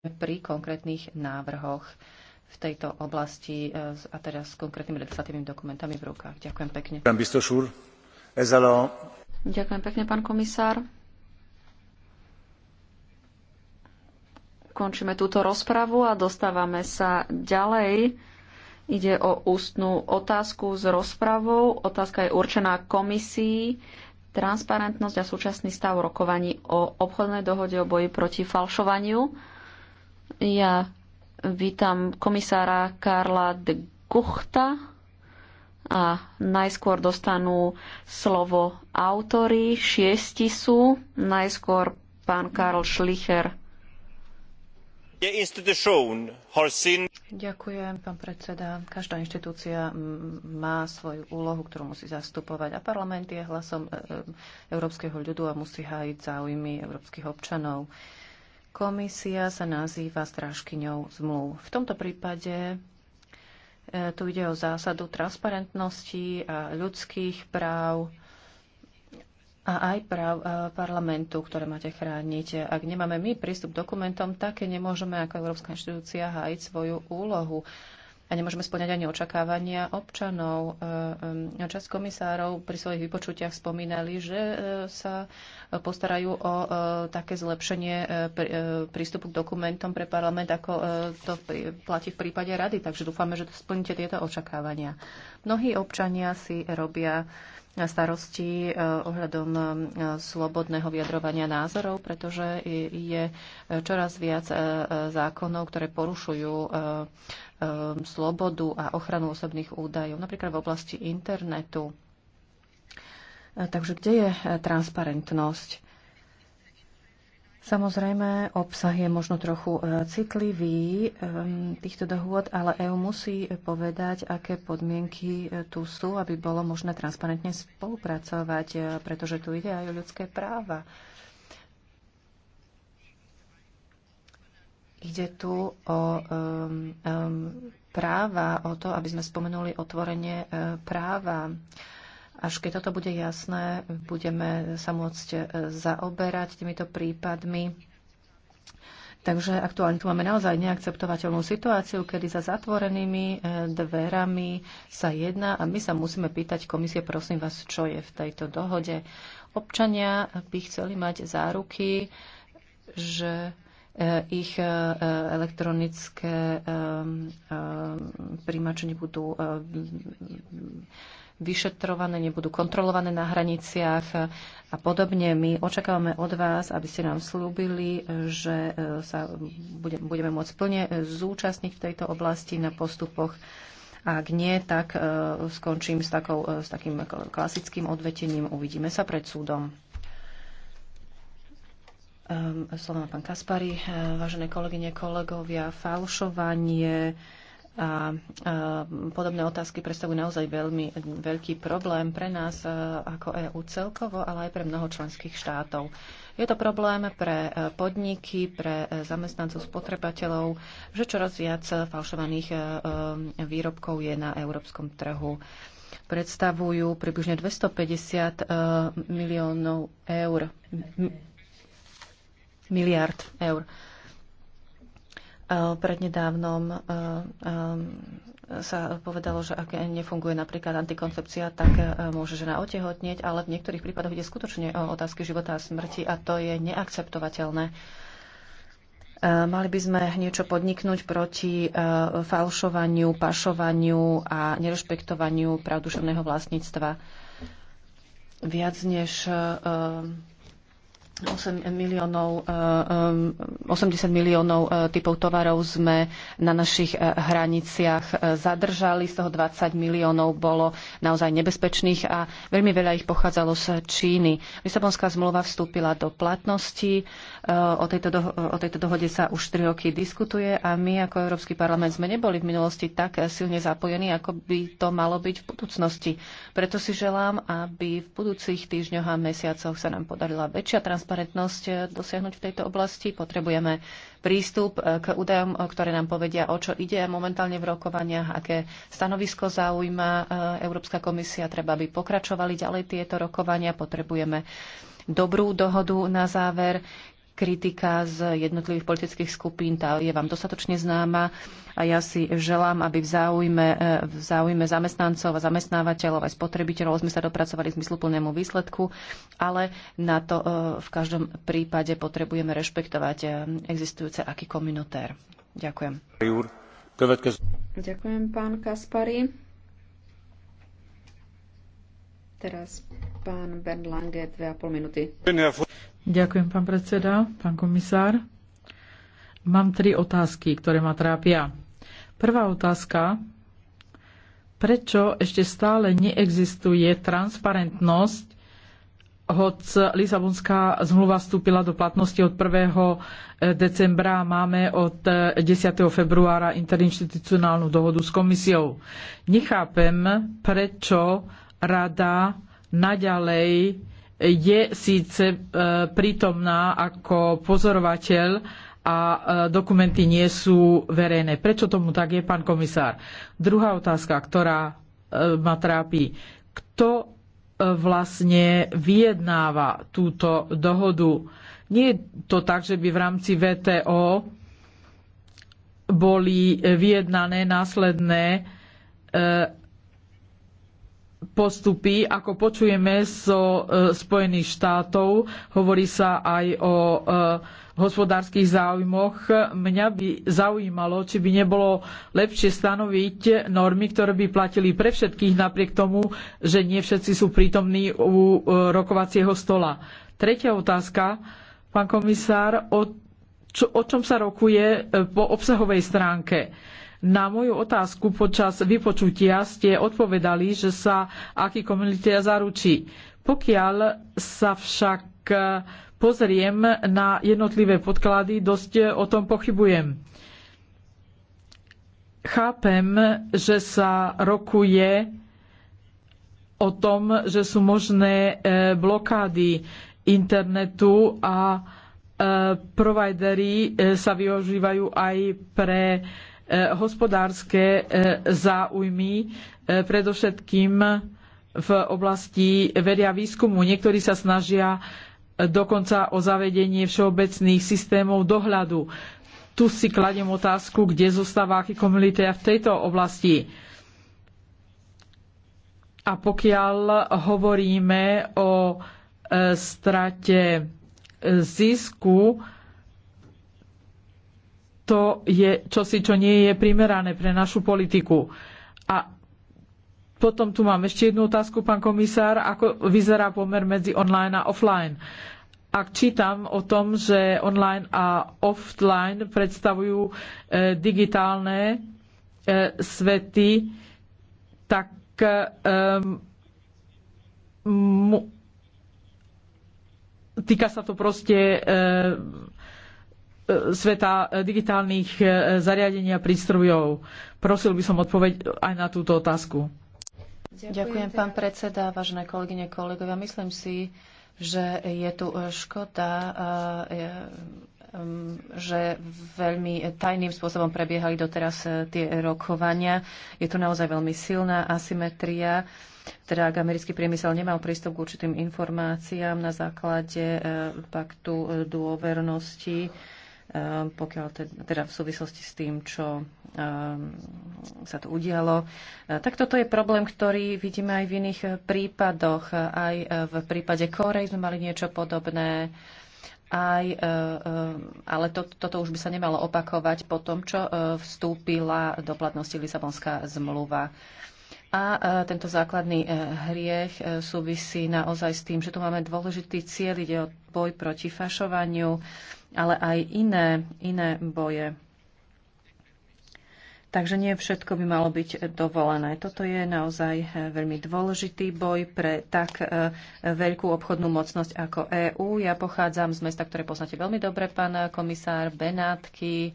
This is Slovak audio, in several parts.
pri konkrétnych návrhoch v tejto oblasti e, a teraz s konkrétnymi legislatívnymi dokumentami v rukách. Ďakujem pekne. Ďakujem pekne, pán komisár. Končíme túto rozpravu a dostávame sa ďalej. Ide o ústnú otázku s rozpravou. Otázka je určená komisii transparentnosť a súčasný stav rokovaní o obchodnej dohode o boji proti falšovaniu. Ja vítam komisára Karla de Guchta a najskôr dostanú slovo autory, šiesti sú, najskôr pán Karl Schlicher. Ďakujem, pán predseda. Každá inštitúcia má svoju úlohu, ktorú musí zastupovať a parlament je hlasom e, e, európskeho ľudu a musí hájiť záujmy európskych občanov. Komisia sa nazýva strážkyňou zmluv. V tomto prípade e, tu ide o zásadu transparentnosti a ľudských práv a aj práv e, parlamentu, ktoré máte chrániť. Ak nemáme my prístup k dokumentom, také nemôžeme ako Európska inštitúcia hájiť svoju úlohu a nemôžeme splňať ani očakávania občanov. E, e, čas komisárov pri svojich vypočutiach spomínali, že e, sa postarajú o také zlepšenie prístupu k dokumentom pre parlament, ako to platí v prípade rady. Takže dúfame, že splníte tieto očakávania. Mnohí občania si robia starosti ohľadom slobodného vyjadrovania názorov, pretože je čoraz viac zákonov, ktoré porušujú Um, slobodu a ochranu osobných údajov, napríklad v oblasti internetu. E, takže kde je e, transparentnosť? Samozrejme, obsah je možno trochu e, citlivý um, týchto dohôd, ale EU musí povedať, aké podmienky tu sú, aby bolo možné transparentne spolupracovať, pretože tu ide aj o ľudské práva. Ide tu o um, um, práva, o to, aby sme spomenuli otvorenie e, práva. Až keď toto bude jasné, budeme sa môcť e, zaoberať týmito prípadmi. Takže aktuálne tu máme naozaj neakceptovateľnú situáciu, kedy za zatvorenými e, dverami sa jedná a my sa musíme pýtať komisie, prosím vás, čo je v tejto dohode. Občania by chceli mať záruky, že E, ich e, elektronické e, príjimače nebudú vyšetrované, nebudú kontrolované na hraniciach a podobne. My očakávame od vás, aby ste nám slúbili, že sa budeme môcť plne zúčastniť v tejto oblasti na postupoch. Ak nie, tak skončím s, takou, s takým klasickým odvetením. Uvidíme sa pred súdom. Ehm, slovo pán Kaspari, ehm, vážené kolegyne, kolegovia, falšovanie a ehm, podobné otázky predstavujú naozaj veľmi veľký problém pre nás e, ako EÚ celkovo, ale aj pre mnoho členských štátov. Je to problém pre e, podniky, pre e, zamestnancov, spotrebateľov, že čoraz viac falšovaných výrobkov je na európskom trhu predstavujú približne 250 miliónov eur miliard eur. Prednedávnom sa povedalo, že ak nefunguje napríklad antikoncepcia, tak môže žena otehotnieť, ale v niektorých prípadoch ide skutočne o otázky života a smrti a to je neakceptovateľné. Mali by sme niečo podniknúť proti falšovaniu, pašovaniu a nerešpektovaniu práv vlastníctva. Viac než 8 miliónov, 80 e, e, miliónov e, typov tovarov sme na našich hraniciach zadržali, z toho 20 miliónov bolo naozaj nebezpečných a veľmi veľa ich pochádzalo z Číny. Lisabonská zmluva vstúpila do platnosti, o tejto, do, o tejto dohode sa už 3 roky diskutuje a my ako Európsky parlament sme neboli v minulosti tak silne zapojení, ako by to malo byť v budúcnosti. Preto si želám, aby v budúcich týždňoch a mesiacoch sa nám podarila väčšia transparentnosť transparentnosť eh, dosiahnuť v tejto oblasti. Potrebujeme prístup eh, k údajom, eh, ktoré nám povedia, o čo ide momentálne v rokovaniach, aké stanovisko zaujíma Európska komisia. Treba, aby pokračovali ďalej tieto rokovania. Potrebujeme dobrú dohodu na záver kritika z jednotlivých politických skupín, tá je vám dostatočne známa a ja si želám, aby v záujme, v záujme zamestnancov a zamestnávateľov aj spotrebiteľov sme sa dopracovali k zmysluplnému výsledku, ale na to e, v každom prípade potrebujeme rešpektovať e, existujúce aký komunitér. Ďakujem. Ďakujem, pán Kaspari. Teraz pán Bernd Lange, 2,5 minúty. Ďakujem, pán predseda, pán komisár. Mám tri otázky, ktoré ma trápia. Prvá otázka. Prečo ešte stále neexistuje transparentnosť, hoď Lisabonská zmluva vstúpila do platnosti od 1. E, decembra a máme od 10. E, februára interinstitucionálnu dohodu s komisiou. Nechápem, prečo rada naďalej je síce e, prítomná ako pozorovateľ a e, dokumenty nie sú verejné. Prečo tomu tak je, pán komisár? Druhá otázka, ktorá e, ma trápi. Kto vlastne vyjednáva túto dohodu? Nie je to tak, že by v rámci VTO boli vyjednané následné postupy, ako počujeme zo e, Spojených štátov, hovorí sa aj o e, hospodárskych záujmoch. Mňa by zaujímalo, či by nebolo lepšie stanoviť normy, ktoré by platili pre všetkých, napriek tomu, že nie všetci sú prítomní u e, rokovacieho stola. Tretia otázka, pán komisár, o, čo, o čom sa rokuje po obsahovej stránke? Na moju otázku počas vypočutia ste odpovedali, že sa aký komunita zaručí. Pokiaľ sa však e, pozriem na jednotlivé podklady, dosť o tom pochybujem. Chápem, že sa rokuje o tom, že sú možné e, blokády internetu a e, provideri sa využívajú aj pre E, hospodárske e, záujmy, e, predovšetkým v oblasti vedia výskumu. Niektorí sa snažia dokonca o zavedenie všeobecných systémov dohľadu. Tu si kladiem otázku, kde zostáva aký komunita v tejto oblasti. A pokiaľ hovoríme o strate zisku, to je čosi, čo nie je primerané pre našu politiku. A potom tu mám ešte jednu otázku, pán komisár, ako vyzerá pomer medzi online a offline. Ak čítam o tom, že online a offline predstavujú e, digitálne e, svety, tak e, týka sa to proste sveta eh, digitálnych eh, zariadení a prístrojov. Prosil by som odpoveď aj na túto otázku. Ďakujem, Ďakujem pán predseda, vážené kolegyne, kolegovia. Myslím si, že je tu eh, škoda, mm, že veľmi tajným spôsobom prebiehali doteraz tie rokovania. Je tu naozaj veľmi silná asymetria. Teda ak americký priemysel nemal prístup k určitým informáciám na základe paktu dôvernosti, Ehm, pokiaľ teda v súvislosti s tým, čo ehm, sa tu udialo. Eh, tak toto je problém, ktorý vidíme aj v iných prípadoch. Aj eh, v prípade Korej sme mali niečo podobné. Aj, eh, ale to, toto už by sa nemalo opakovať po tom, čo vstúpila do platnosti Lisabonská zmluva. A tento základný hriech súvisí naozaj s tým, že tu máme dôležitý cieľ, ide o boj proti fašovaniu, ale aj iné, iné boje. Takže nie všetko by malo byť dovolené. Toto je naozaj veľmi dôležitý boj pre tak e, veľkú obchodnú mocnosť ako EÚ. Ja pochádzam z mesta, ktoré poznáte veľmi dobre, pán komisár, Benátky.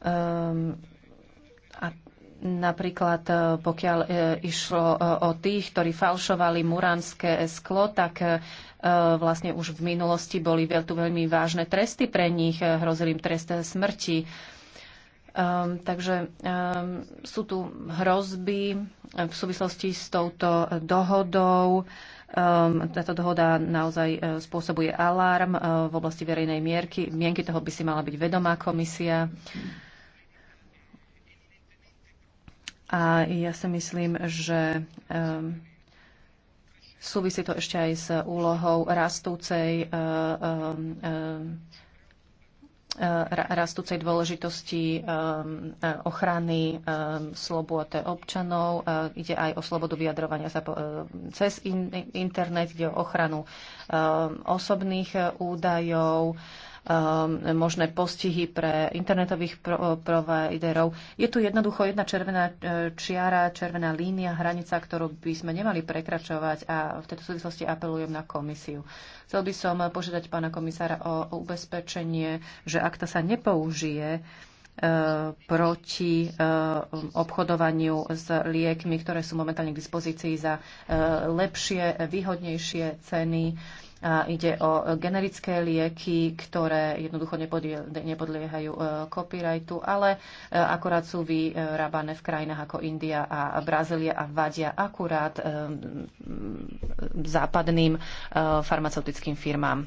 Um, Napríklad e, pokiaľ e, išlo e, o tých, ktorí falšovali muránske sklo, tak vlastne už v minulosti boli tu veľmi vážne tresty pre nich, hrozili im trest smrti. Um, takže um, sú tu hrozby v súvislosti s touto dohodou. Um, táto dohoda naozaj spôsobuje alarm uh, v oblasti verejnej mierky. Mienky toho by si mala byť vedomá komisia. Uh, a ja si myslím, že um, súvisí to ešte aj s úlohou rastúcej eh, ehm, eh, rastúcej dôležitosti ehm, eh, ochrany slobod občanov. Ide aj o slobodu vyjadrovania sa cez internet, ide o ochranu osobných údajov Um, možné postihy pre internetových uh, providerov. Je tu jednoducho jedna červená uh, čiara, červená línia, hranica, ktorú by sme nemali prekračovať a v tejto súvislosti apelujem na komisiu. Chcel by som požiadať pána komisára o ubezpečenie, že ak to sa nepoužije, uh, proti obchodovaniu s liekmi, ktoré sú momentálne k dispozícii za lepšie, výhodnejšie ceny a ide o generické lieky, ktoré jednoducho nepodliehajú e, copyrightu, ale e, akurát sú vyrábané v krajinách ako India a Brazília a vadia akurát e, západným farmaceutickým firmám.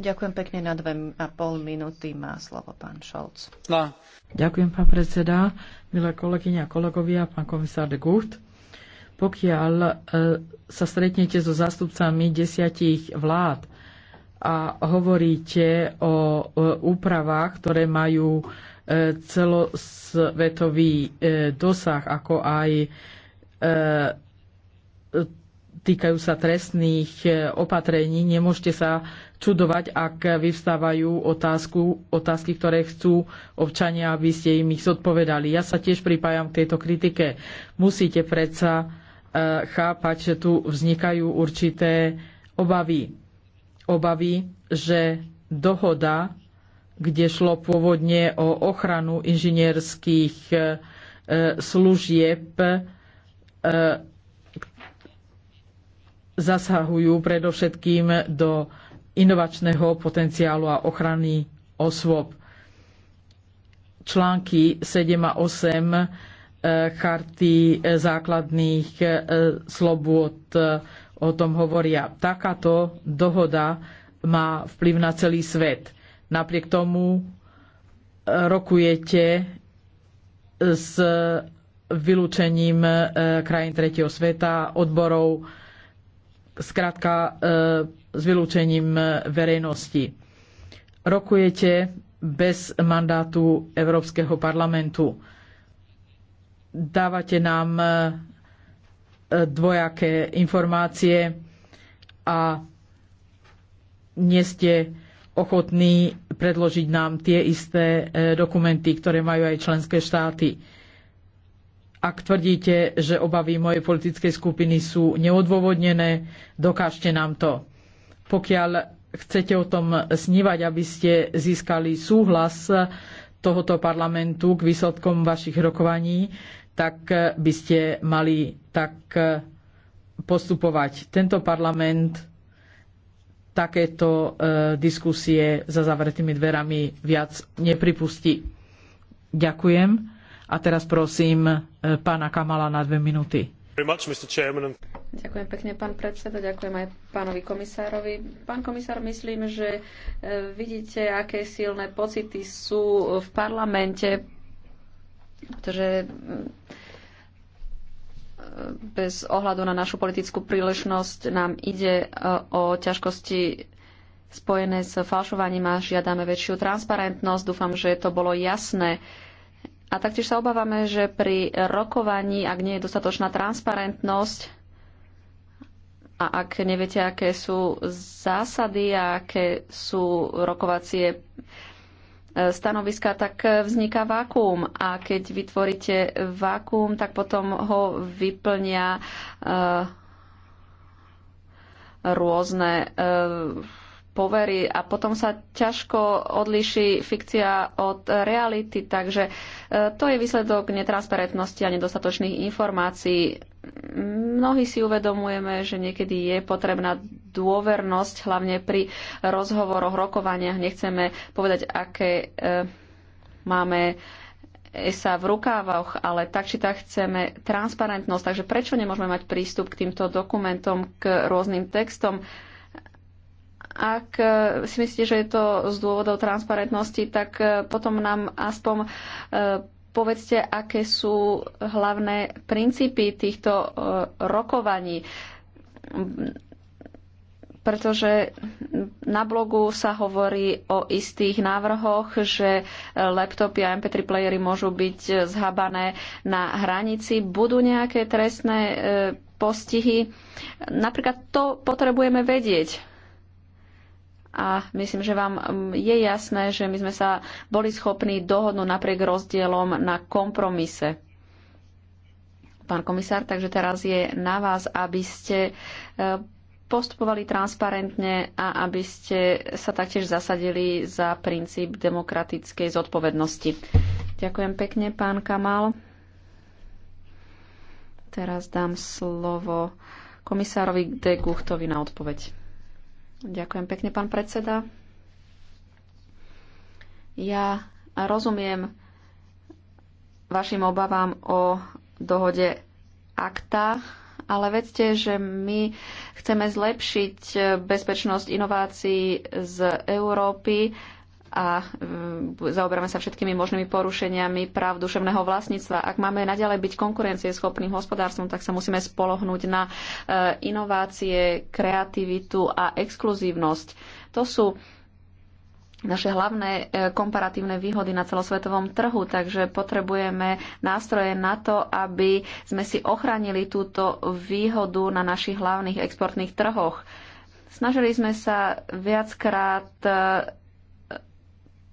Ďakujem pekne na dve a pol minúty. Má slovo pán Šolc. No. Ďakujem, pán predseda, milé kolegyne a kolegovia, pán komisár de Gucht pokiaľ e, sa stretnete so zástupcami desiatich vlád a hovoríte o úpravách, ktoré majú e, celosvetový e, dosah, ako aj týkajú sa trestných opatrení, nemôžete sa čudovať, ak vyvstávajú otázku, otázky, ktoré chcú občania, aby ste im ich zodpovedali. Ja sa tiež pripájam k tejto kritike. Musíte predsa E, chápať, že tu vznikajú určité obavy. Obavy, že dohoda, kde šlo pôvodne o ochranu inžinierských e, služieb, e, zasahujú predovšetkým do inovačného potenciálu a ochrany osôb. Články 7 a 8 E, charty e, základných e, slobôd o tom hovoria. Takáto dohoda má vplyv na celý svet. Napriek tomu rokujete s vylúčením krajín tretieho sveta, odborov, skrátka s vylúčením verejnosti. Rokujete bez mandátu Európskeho parlamentu dávate nám e, e, dvojaké informácie a nie ste ochotní predložiť nám tie isté e, dokumenty, ktoré majú aj členské štáty. Ak tvrdíte, že obavy mojej politickej skupiny sú neodôvodnené, dokážte nám to. Pokiaľ chcete o tom snívať, aby ste získali súhlas tohoto parlamentu k výsledkom vašich rokovaní, tak by ste mali tak postupovať. Tento parlament takéto e, diskusie za zavretými dverami viac nepripustí. Ďakujem. A teraz prosím e, pána Kamala na dve minúty. Ďakujem pekne, pán predseda, ďakujem aj pánovi komisárovi. Pán komisár, myslím, že e, vidíte, aké silné pocity sú v parlamente pretože mm, bez ohľadu na našu politickú príležnosť nám ide e, o ťažkosti spojené s falšovaním a žiadame väčšiu transparentnosť. Dúfam, že to bolo jasné. A taktiež sa obávame, že pri rokovaní, ak nie je dostatočná transparentnosť a ak neviete, aké sú zásady a aké sú rokovacie stanoviska, tak vzniká vákuum. A keď vytvoríte vákuum, tak potom ho vyplnia eh, rôzne eh, poverí a potom sa ťažko odlíši fikcia od reality, takže e, to je výsledok netransparentnosti a nedostatočných informácií. Mnohí si uvedomujeme, že niekedy je potrebná dôvernosť, hlavne pri rozhovoroch, rokovaniach. Nechceme povedať, aké e, máme sa v rukávach, ale tak či tak chceme transparentnosť. Takže prečo nemôžeme mať prístup k týmto dokumentom, k rôznym textom? Ak e, si myslíte, že je to z dôvodov transparentnosti, tak e, potom nám aspoň e, povedzte, aké sú hlavné princípy týchto rokovaní. Pretože na blogu sa hovorí o istých návrhoch, že laptopy a MP3 playery môžu byť zhabané na hranici. Budú nejaké trestné postihy? Napríklad to potrebujeme vedieť a myslím, že vám mm, je jasné, že my sme sa boli schopní dohodnúť napriek rozdielom na kompromise. Pán komisár, takže teraz je na vás, aby ste e, postupovali transparentne a aby ste sa taktiež zasadili za princíp demokratickej zodpovednosti. Ďakujem pekne, pán Kamal. Teraz dám slovo komisárovi de Guchtovi na odpoveď. Ďakujem pekne, pán predseda. Ja rozumiem vašim obavám o dohode akta, ale vedzte, že my chceme zlepšiť bezpečnosť inovácií z Európy a e, zaoberáme sa všetkými možnými porušeniami práv duševného vlastníctva. Ak máme naďalej byť konkurencieschopným hospodárstvom, tak sa musíme spolohnúť na e, inovácie, kreativitu a exkluzívnosť. To sú naše hlavné e, komparatívne výhody na celosvetovom trhu, takže potrebujeme nástroje na to, aby sme si ochránili túto výhodu na našich hlavných exportných trhoch. Snažili sme sa viackrát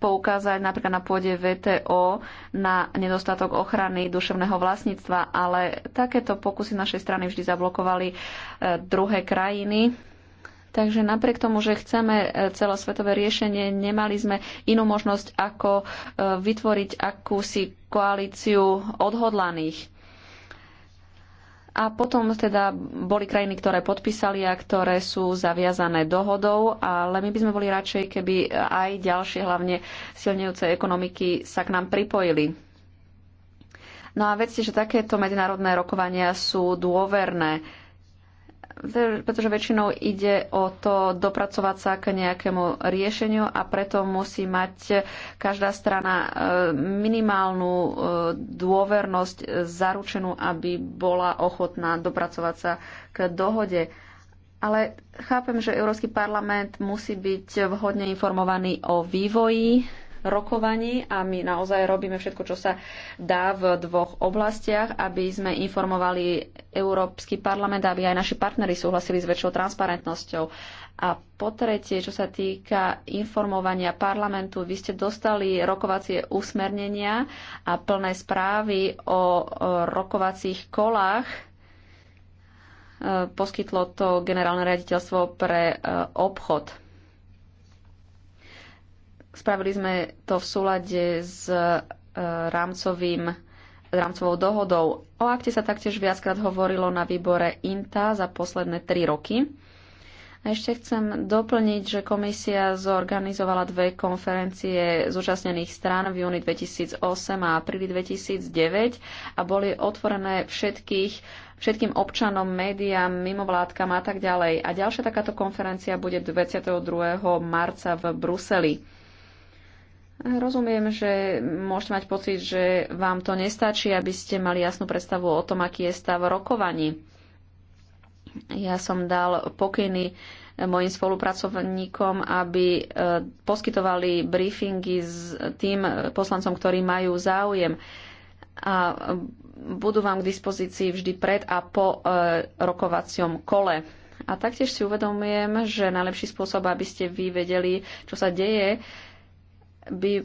poukázať napríklad na pôde VTO na nedostatok ochrany duševného vlastníctva, ale takéto pokusy našej strany vždy zablokovali e, druhé krajiny. Takže napriek tomu, že chceme e, celosvetové riešenie, nemali sme inú možnosť, ako e, vytvoriť akúsi koalíciu odhodlaných a potom teda boli krajiny, ktoré podpísali a ktoré sú zaviazané dohodou, ale my by sme boli radšej, keby aj ďalšie, hlavne silnejúce ekonomiky sa k nám pripojili. No a vedzte, že takéto medzinárodné rokovania sú dôverné pretože väčšinou ide o to dopracovať sa k nejakému riešeniu a preto musí mať každá strana e, minimálnu e, dôvernosť zaručenú, aby bola ochotná dopracovať sa k dohode. Ale chápem, že Európsky parlament musí byť vhodne informovaný o vývoji rokovaní a my naozaj robíme všetko, čo sa dá v dvoch oblastiach, aby sme informovali Európsky parlament, aby aj naši partnery súhlasili s väčšou transparentnosťou. A po tretie, čo sa týka informovania parlamentu, vy ste dostali rokovacie usmernenia a plné správy o rokovacích kolách e, poskytlo to generálne riaditeľstvo pre e, obchod. Spravili sme to v súlade s e, rámcovým rámcovou dohodou. O akte sa taktiež viackrát hovorilo na výbore INTA za posledné tri roky. A ešte chcem doplniť, že komisia zorganizovala dve konferencie zúčastnených strán v júni 2008 a apríli 2009 a boli otvorené všetkých, všetkým občanom, médiám, mimovládkam a tak ďalej. A ďalšia takáto konferencia bude 22. marca v Bruseli. Rozumiem, že môžete mať pocit, že vám to nestačí, aby ste mali jasnú predstavu o tom, aký je stav rokovaní. Ja som dal pokyny mojim spolupracovníkom, aby e, poskytovali briefingy s tým poslancom, ktorí majú záujem a budú vám k dispozícii vždy pred a po e, rokovaciom kole. A taktiež si uvedomujem, že najlepší spôsob, aby ste vy vedeli, čo sa deje, by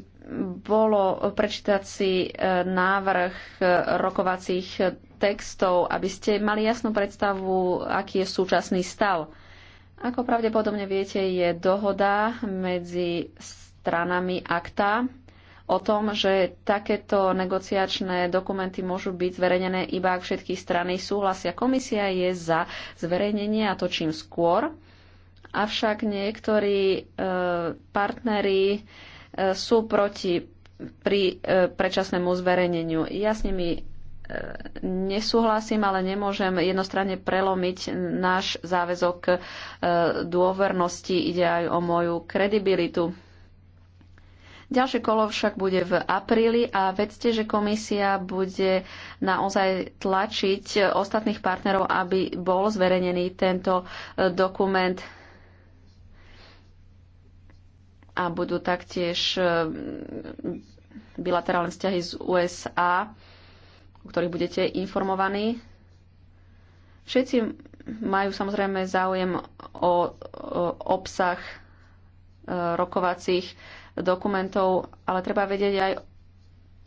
bolo prečítať si e, návrh e, rokovacích textov, aby ste mali jasnú predstavu, aký je súčasný stav. Ako pravdepodobne viete, je dohoda medzi stranami akta o tom, že takéto negociačné dokumenty môžu byť zverejnené iba ak všetky strany súhlasia. Komisia je za zverejnenie a to čím skôr. Avšak niektorí e, partneri sú proti pri e, predčasnému zverejneniu. Ja s nimi nesúhlasím, ale nemôžem jednostranne prelomiť náš záväzok e, dôvernosti. Ide aj o moju kredibilitu. Ďalšie kolo však bude v apríli a vedzte, že komisia bude naozaj tlačiť ostatných partnerov, aby bol zverejnený tento e, dokument a budú taktiež e, bilaterálne vzťahy z USA, o ktorých budete informovaní. Všetci majú samozrejme záujem o, o obsah e, rokovacích dokumentov, ale treba vedieť aj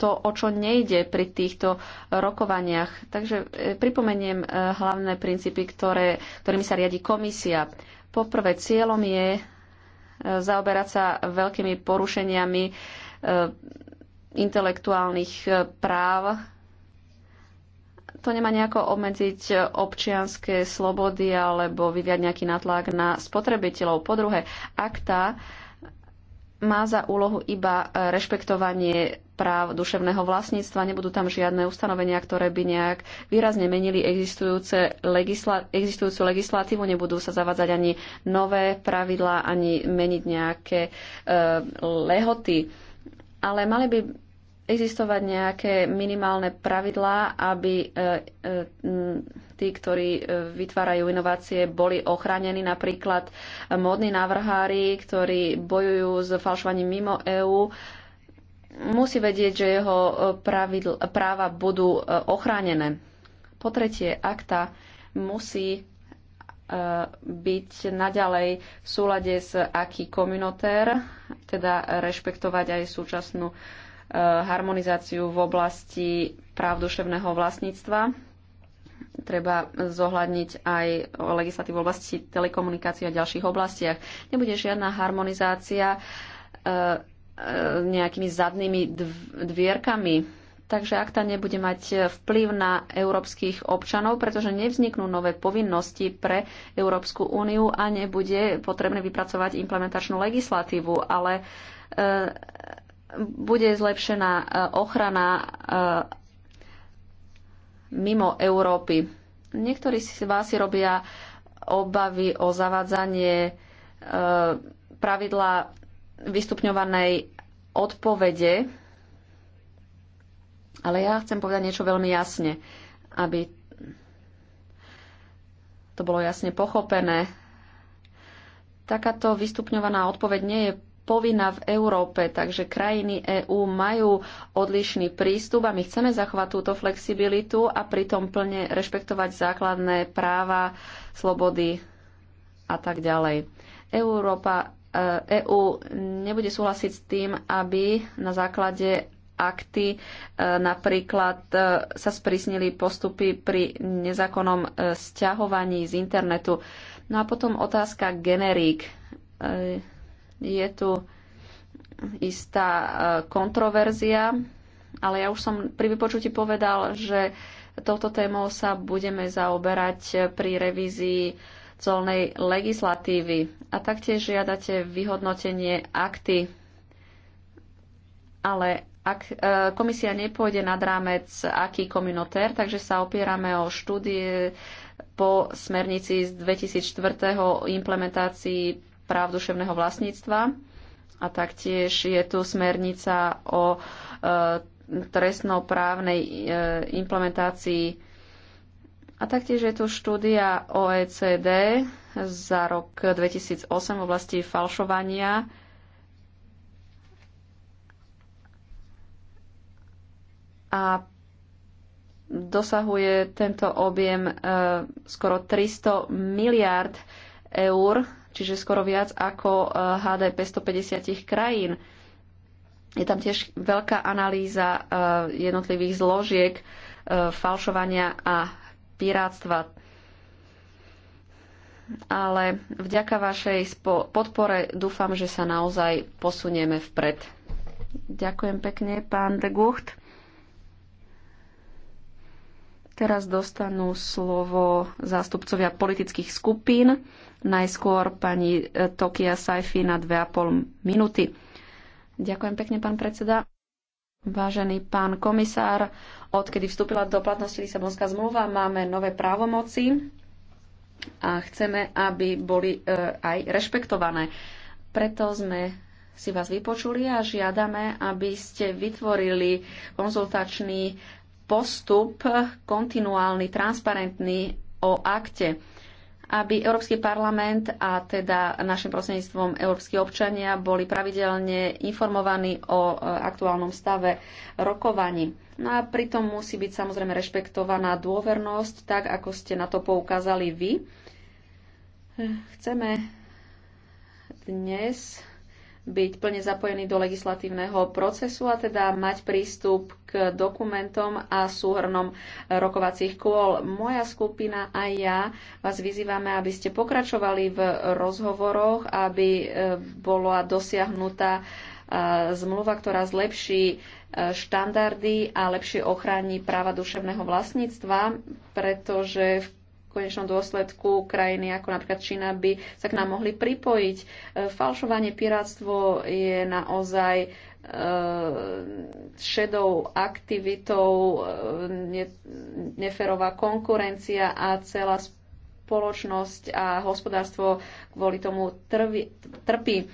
to, o čo nejde pri týchto rokovaniach. Takže e, pripomeniem hlavné princípy, ktoré, ktorými sa riadi komisia. Poprvé, cieľom je zaoberať sa veľkými porušeniami eh, intelektuálnych eh, práv. To nemá nejako obmedziť eh, občianské slobody alebo vyviať nejaký natlak na spotrebiteľov. Po druhé, akta má za úlohu iba e, rešpektovanie práv duševného vlastníctva. Nebudú tam žiadne ustanovenia, ktoré by nejak výrazne menili existujúce legisla- existujúcu legislatívu. Nebudú sa zavádzať ani nové pravidlá, ani meniť nejaké e, lehoty. Ale mali by existovať nejaké minimálne pravidlá, aby e, e, tí, ktorí e, vytvárajú inovácie, boli ochránení. Napríklad e, modní návrhári, ktorí bojujú s falšovaním mimo EÚ, musí vedieť, že jeho e, pravidl, práva budú ochránené. Po tretie, akta musí byť naďalej v súlade s aký komunotér, teda rešpektovať aj súčasnú harmonizáciu v oblasti práv duševného vlastníctva treba zohľadniť aj o legislatívu v oblasti telekomunikácií a ďalších oblastiach. Nebude žiadna harmonizácia e, e, nejakými zadnými dvierkami. Takže ak tá nebude mať vplyv na európskych občanov, pretože nevzniknú nové povinnosti pre Európsku úniu a nebude potrebné vypracovať implementačnú legislatívu, ale e, bude zlepšená e, ochrana e, mimo Európy. Niektorí z vás si robia obavy o zavádzanie e, pravidla vystupňovanej odpovede, ale ja chcem povedať niečo veľmi jasne, aby to bolo jasne pochopené. Takáto vystupňovaná odpoveď nie je povinná v Európe, takže krajiny EÚ majú odlišný prístup a my chceme zachovať túto flexibilitu a pritom plne rešpektovať základné práva, slobody a tak ďalej. Európa EÚ e nebude súhlasiť s tým, aby na základe akty e, napríklad e, sa sprísnili postupy pri nezákonnom sťahovaní z internetu. No a potom otázka generík je tu istá e, kontroverzia, ale ja už som pri vypočutí povedal, že touto témou sa budeme zaoberať pri revízii colnej legislatívy a taktiež žiadate vyhodnotenie akty. Ale ak e, komisia nepôjde nad rámec aký kominotér, takže sa opierame o štúdie po smernici z 2004. implementácii práv duševného vlastníctva a taktiež je tu smernica o e, trestnoprávnej e, implementácii a taktiež je tu štúdia OECD za rok 2008 v oblasti falšovania a dosahuje tento objem e, skoro 300 miliard eur čiže skoro viac ako HDP eh, 150 krajín. Je tam tiež veľká analýza eh, jednotlivých zložiek eh, falšovania a pirátstva. Ale vďaka vašej podpore dúfam, že sa naozaj posunieme vpred. Ďakujem pekne, pán de Gucht. Teraz dostanú slovo zástupcovia politických skupín. Najskôr pani e, Tokia Saifi na 2,5 minúty. Ďakujem pekne, pán predseda. Vážený pán komisár, odkedy vstúpila do platnosti Lisabonská zmluva, máme nové právomoci a chceme, aby boli e, aj rešpektované. Preto sme si vás vypočuli a žiadame, aby ste vytvorili konzultačný postup kontinuálny, transparentný o akte aby Európsky parlament a teda našim prostredníctvom európsky občania boli pravidelne informovaní o e, aktuálnom stave rokovaní. No a pritom musí byť samozrejme rešpektovaná dôvernosť, tak ako ste na to poukázali vy. E, chceme dnes byť plne zapojený do legislatívneho procesu a teda mať prístup k dokumentom a súhrnom rokovacích kôl. Moja skupina a ja vás vyzývame, aby ste pokračovali v rozhovoroch, aby e, bola dosiahnutá e, zmluva, ktorá zlepší e, štandardy a lepšie ochrání práva duševného vlastníctva, pretože v konečnom dôsledku krajiny ako napríklad Čína by sa k nám mohli pripojiť. E, falšovanie, piráctvo je naozaj e, šedou aktivitou, e, neferová konkurencia a celá spoločnosť a hospodárstvo kvôli tomu trvi, trpí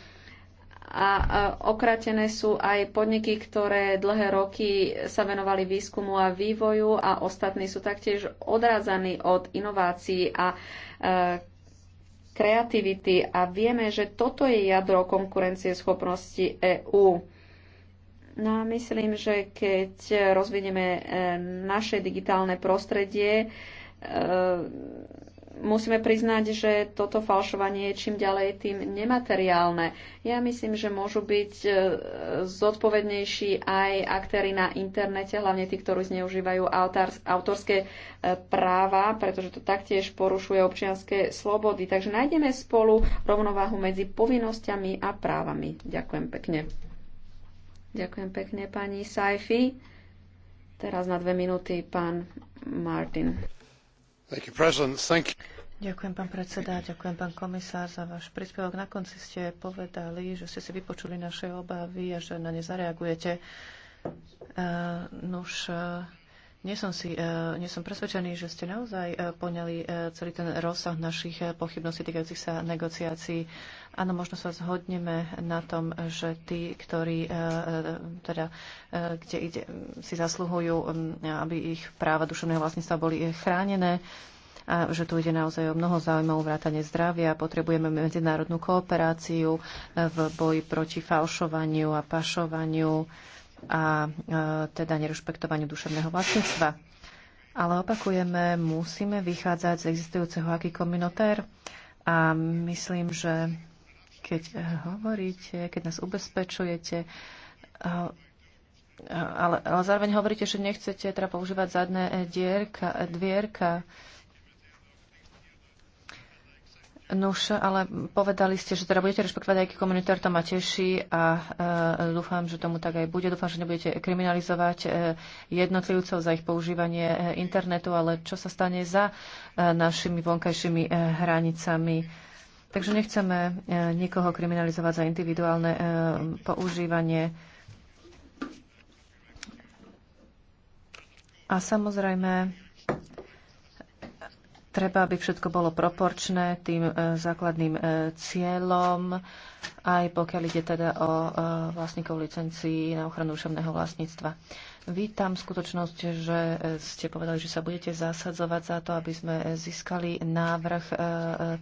a e, okratené sú aj podniky, ktoré dlhé roky sa venovali výskumu a vývoju a ostatní sú taktiež odrázaní od inovácií a e, kreativity a vieme, že toto je jadro konkurencie schopnosti EÚ. No a myslím, že keď rozvinieme e, naše digitálne prostredie, musíme priznať, že toto falšovanie je čím ďalej tým nemateriálne. Ja myslím, že môžu byť e, zodpovednejší aj aktéry na internete, hlavne tí, ktorí zneužívajú autorské e, práva, pretože to taktiež porušuje občianské slobody. Takže nájdeme spolu rovnováhu medzi povinnosťami a právami. Ďakujem pekne. Ďakujem pekne pani Saifi. Teraz na dve minúty pán Martin. Ďakujem, pán predseda, ďakujem, pán komisár, za váš príspevok. Na konci ste povedali, že ste si vypočuli naše obavy a že na ne zareagujete. Uh, nuž, uh, nie som, si, e, nie som presvedčený, že ste naozaj e, poňali e, celý ten rozsah našich pochybností týkajúcich sa negociácií. Áno, možno sa zhodneme na tom, že tí, ktorí teda, kde ide, si zasluhujú, aby ich práva duševného vlastníctva boli chránené, a že tu ide naozaj o mnoho záujmov vrátane zdravia. Potrebujeme medzinárodnú kooperáciu v boji proti falšovaniu a pašovaniu a e, teda nerešpektovaniu duševného vlastníctva. Ale opakujeme, musíme vychádzať z existujúceho aký kominotér a myslím, že keď e, hovoríte, keď nás ubezpečujete, e, ale, ale zároveň hovoríte, že nechcete teda používať zadné dierka, dvierka, Nuž, ale povedali ste, že teda budete rešpektovať aj komunitár, to ma teší a e, dúfam, že tomu tak aj bude. Dúfam, že nebudete kriminalizovať e, jednotlivcov za ich používanie e, internetu, ale čo sa stane za e, našimi vonkajšími e, hranicami. Takže nechceme e, nikoho kriminalizovať za individuálne e, používanie. A samozrejme, Treba, aby všetko bolo proporčné tým e, základným e, cieľom, aj pokiaľ ide teda o e, vlastníkov licencií na ochranu duševného vlastníctva. Vítam skutočnosť, že ste povedali, že sa budete zasadzovať za to, aby sme získali návrh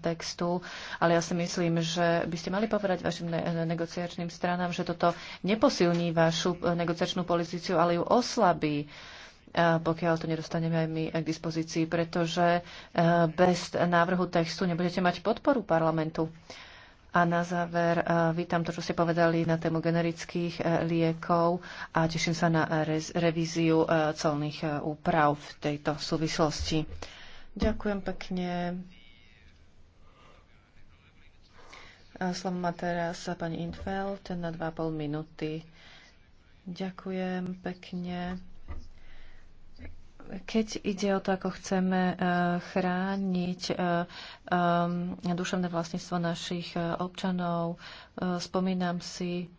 textu, ale ja si myslím, že by ste mali povedať vašim negociačným stranám, že toto neposilní vašu negociačnú pozíciu, ale ju oslabí pokiaľ to nedostaneme aj my k dispozícii, pretože e, bez návrhu textu nebudete mať podporu parlamentu. A na záver e, vítam to, čo ste povedali na tému generických e, liekov a teším sa na revíziu colných úprav v tejto súvislosti. Ďakujem pekne. Slovo má teraz pani Infeld na 2,5 minúty. Ďakujem pekne. Keď ide o to, ako chceme eh, chrániť eh, eh, duševné vlastníctvo našich občanov, spomínam si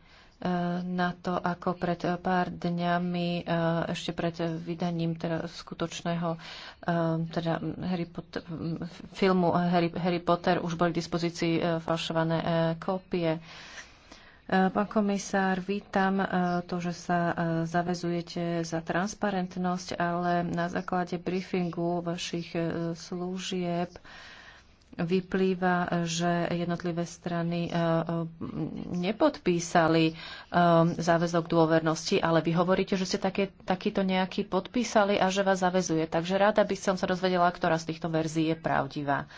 na to, ako pred pár dňami, ešte pred vydaním teda skutočného teda Harry Potter, mm, filmu Harry, Harry Potter už boli k dispozícii falšované kópie. Eh, pán komisár, vítam eh, to, že sa eh, zavezujete za transparentnosť, ale na základe briefingu vašich služieb vyplýva, že jednotlivé strany nepodpísali záväzok dôvernosti, ale vy hovoríte, že ste také, takýto nejaký podpísali a že vás zavezuje. Takže rada by som sa dozvedela, ktorá z týchto verzií je pravdivá.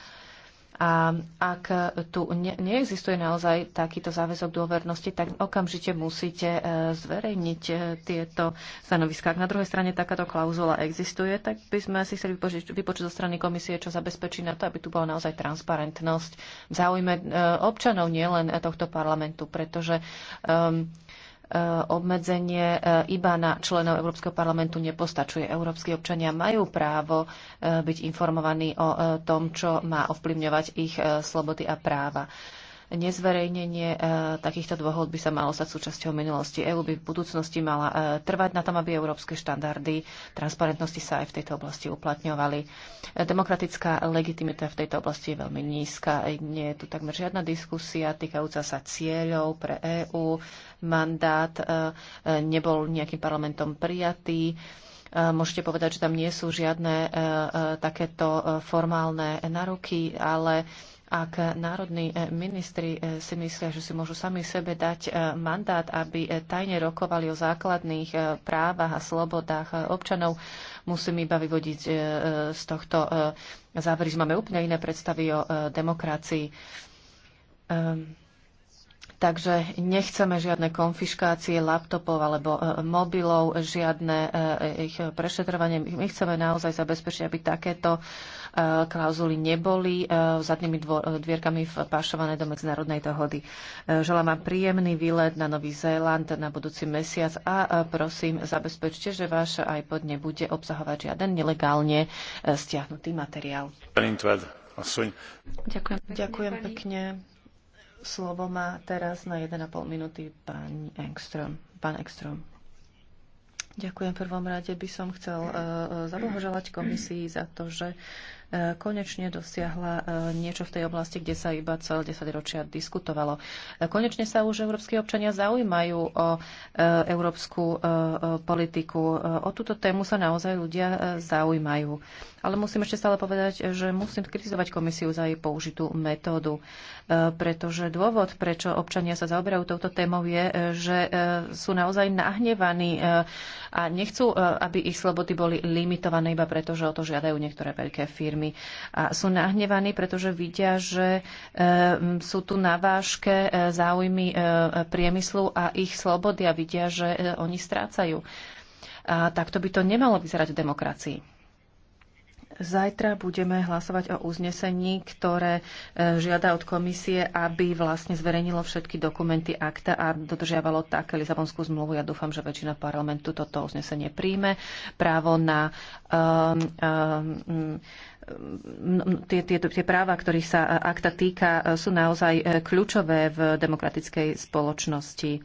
A ak tu ne- neexistuje naozaj takýto záväzok dôvernosti, tak okamžite musíte e, zverejniť e, tieto stanoviská. Ak na druhej strane takáto klauzula existuje, tak by sme si chceli vypočiť, vypočiť zo strany komisie, čo zabezpečí na to, aby tu bola naozaj transparentnosť v záujme e, občanov, nielen tohto parlamentu, pretože um, Eh, obmedzenie eh, iba na členov Európskeho parlamentu nepostačuje. Európsky občania majú právo eh, byť informovaní o tom, čo má ovplyvňovať ich slobody a práva. Nezverejnenie e, takýchto dôhod by sa malo stať súčasťou minulosti. EÚ by v budúcnosti mala e, trvať na tom, aby európske štandardy transparentnosti sa aj v tejto oblasti uplatňovali. E, demokratická legitimita v tejto oblasti je veľmi nízka. Nie je tu takmer žiadna diskusia týkajúca sa cieľov pre EÚ. Mandát nebol nejakým parlamentom prijatý. Môžete povedať, že tam nie sú žiadne takéto formálne naruky, ale ak národní e, ministri e, si myslia, že si môžu sami sebe dať e, mandát, aby tajne rokovali o základných právach a slobodách občanov, musím iba vyvodiť z tohto závery, že máme úplne iné predstavy o demokracii. Ehm, Takže nechceme žiadne konfiškácie laptopov alebo e, mobilov, žiadne e, ich prešetrovanie. My chceme naozaj zabezpečiť, aby takéto e, klauzuly neboli zadnými dvierkami vpašované do medzinárodnej dohody. Želám vám príjemný výlet na Nový Zéland na budúci mesiac a prosím, zabezpečte, že váš iPod nebude obsahovať žiaden nelegálne stiahnutý materiál. Ďakujem, Ďakujem pekne. Slovo má teraz na 1,5 minúty pán Engström. Pán Engström. Ďakujem. V prvom rade by som chcel uh, zablahoželať komisii za to, že uh, konečne dosiahla e, niečo v tej oblasti, kde sa iba celé 10 ročia diskutovalo. E, konečne sa už európsky občania zaujímajú o e, európsku politiku. O túto tému sa naozaj ľudia zaujímajú. Ale musím ešte stále povedať, že musím kritizovať komisiu za jej použitú metódu, pretože dôvod, prečo občania sa zaoberajú touto témou, je, že sú naozaj nahnevaní a nechcú, aby ich slobody boli limitované iba preto, že o to žiadajú niektoré veľké firmy ľuďmi. A sú nahnevaní, pretože vidia, že e, sú tu na vážke e, záujmy e, priemyslu a ich slobody a vidia, že oni strácajú. A takto by to nemalo vyzerať v demokracii. Zajtra budeme hlasovať o uznesení, ktoré žiada od komisie, aby vlastne zverejnilo všetky dokumenty akta a dodržiavalo také Lisabonskú zmluvu. Ja dúfam, že väčšina parlamentu toto uznesenie príjme. Právo na um, um, tie, tie, tie práva, ktorých sa e, akta týka, e, sú naozaj e, kľúčové v demokratickej spoločnosti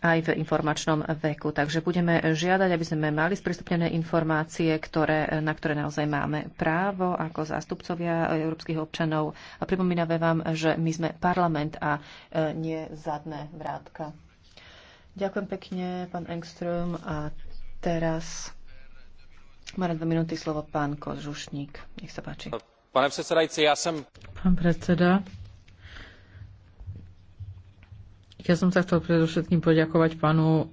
aj v informačnom veku. Takže budeme žiadať, aby sme mali sprístupnené informácie, ktoré, na ktoré naozaj máme právo ako zástupcovia európskych občanov. A pripomíname vám, že my sme parlament a nie zadné vrátka. Ďakujem pekne, pán Engström. A teraz má dva minúty slovo pán Kožušník. Nech sa páči. Pane predsedajúci, ja som... Pán predseda, ja som sa chcel predovšetkým poďakovať pánu e,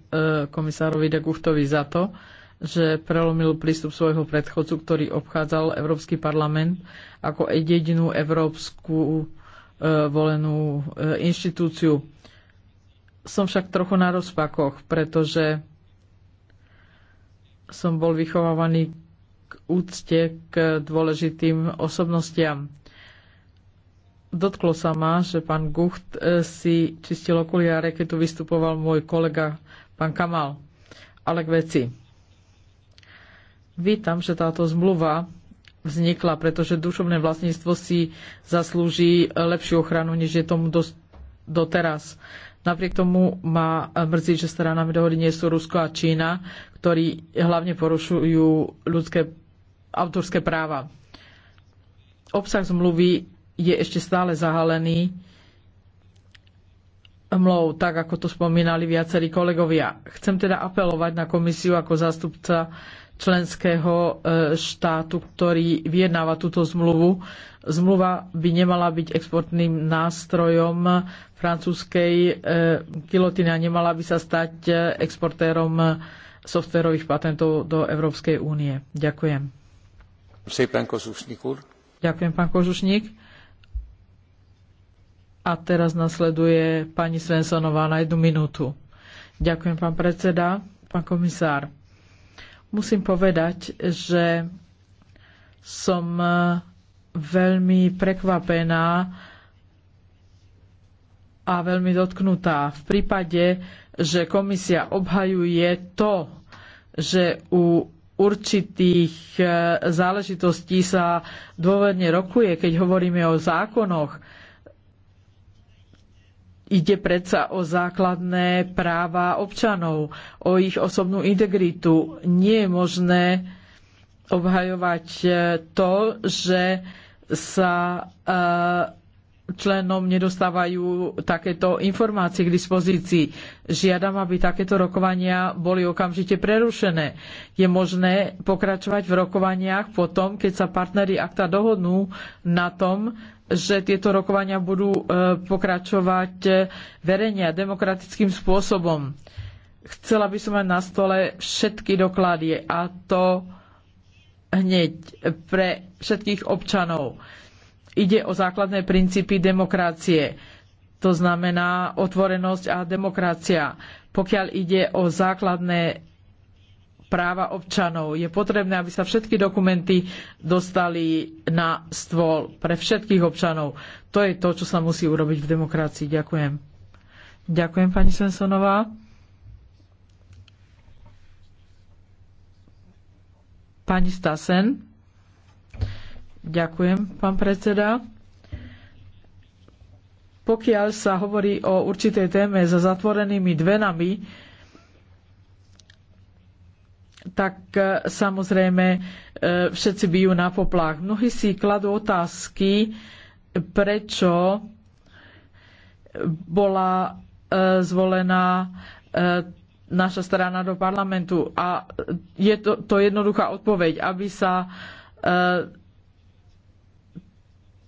komisárovi de Guchtovi za to, že prelomil prístup svojho predchodcu, ktorý obchádzal Európsky parlament ako jedinú európsku e, volenú e, inštitúciu. Som však trochu na rozpakoch, pretože som bol vychovávaný k úcte k dôležitým osobnostiam. Dotklo sa ma, že pán Gucht e, si čistil okuliare, keď tu vystupoval môj kolega pán Kamal. Ale k veci. Vítam, že táto zmluva vznikla, pretože dušovné vlastníctvo si zaslúži lepšiu ochranu, než je tomu doteraz. Napriek tomu ma eh, mrzí, že stranami dohody nie sú Rusko a Čína, ktorí hlavne porušujú ľudské autorské práva. Obsah zmluvy je ešte stále zahalený mlou, tak ako to spomínali viacerí kolegovia. Chcem teda apelovať na komisiu ako zástupca členského e, štátu, ktorý vyjednáva túto zmluvu. Zmluva by nemala byť exportným nástrojom francúzskej kilotiny e, a nemala by sa stať e, exportérom softverových patentov do Európskej únie. Ďakujem. Ďakujem, pán Kožušník. A teraz nasleduje pani Svensonová na jednu minútu. Ďakujem, pán predseda, pán komisár. Musím povedať, že som eh, veľmi prekvapená a veľmi dotknutá v prípade, že komisia obhajuje to, že u určitých eh, záležitostí sa dôverne rokuje, keď hovoríme o zákonoch, Ide predsa o základné práva občanov, o ich osobnú integritu. Nie je možné obhajovať e, to, že sa e, členom nedostávajú takéto informácie k dispozícii. Žiadam, aby takéto rokovania boli okamžite prerušené. Je možné pokračovať v rokovaniach potom, keď sa partnery akta dohodnú na tom, že tieto rokovania budú e, pokračovať e, verejne a demokratickým spôsobom. Chcela by som mať na stole všetky doklady a to hneď pre všetkých občanov. Ide o základné princípy demokracie. To znamená otvorenosť a demokracia. Pokiaľ ide o základné práva občanov. Je potrebné, aby sa všetky dokumenty dostali na stôl pre všetkých občanov. To je to, čo sa musí urobiť v demokracii. Ďakujem. Ďakujem, pani Svensonová. Pani Stasen. Ďakujem, pán predseda. Pokiaľ sa hovorí o určitej téme za zatvorenými dvenami, tak e, samozrejme e, všetci bijú na poplach. Mnohí si kladú otázky, prečo bola e, zvolená naša strana do parlamentu. A je to, to jednoduchá odpoveď, aby sa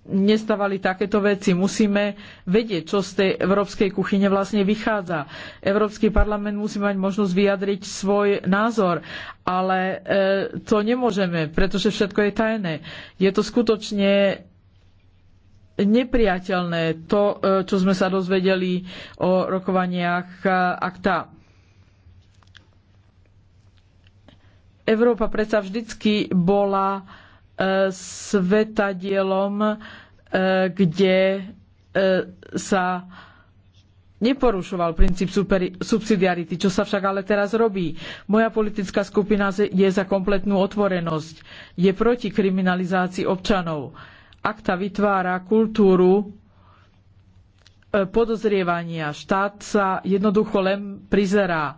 nestávali takéto veci. Musíme vedieť, čo z tej európskej kuchyne vlastne vychádza. Európsky parlament musí mať možnosť vyjadriť svoj názor, ale e, to nemôžeme, pretože všetko je tajné. Je to skutočne nepriateľné to, e, čo sme sa dozvedeli o rokovaniach e, akta. Európa predsa vždycky bola svetadielom, e, kde e, sa neporušoval princíp subsidiarity, čo sa však ale teraz robí. Moja politická skupina je za kompletnú otvorenosť. Je proti kriminalizácii občanov. Akta vytvára kultúru e, podozrievania. Štát sa jednoducho len prizerá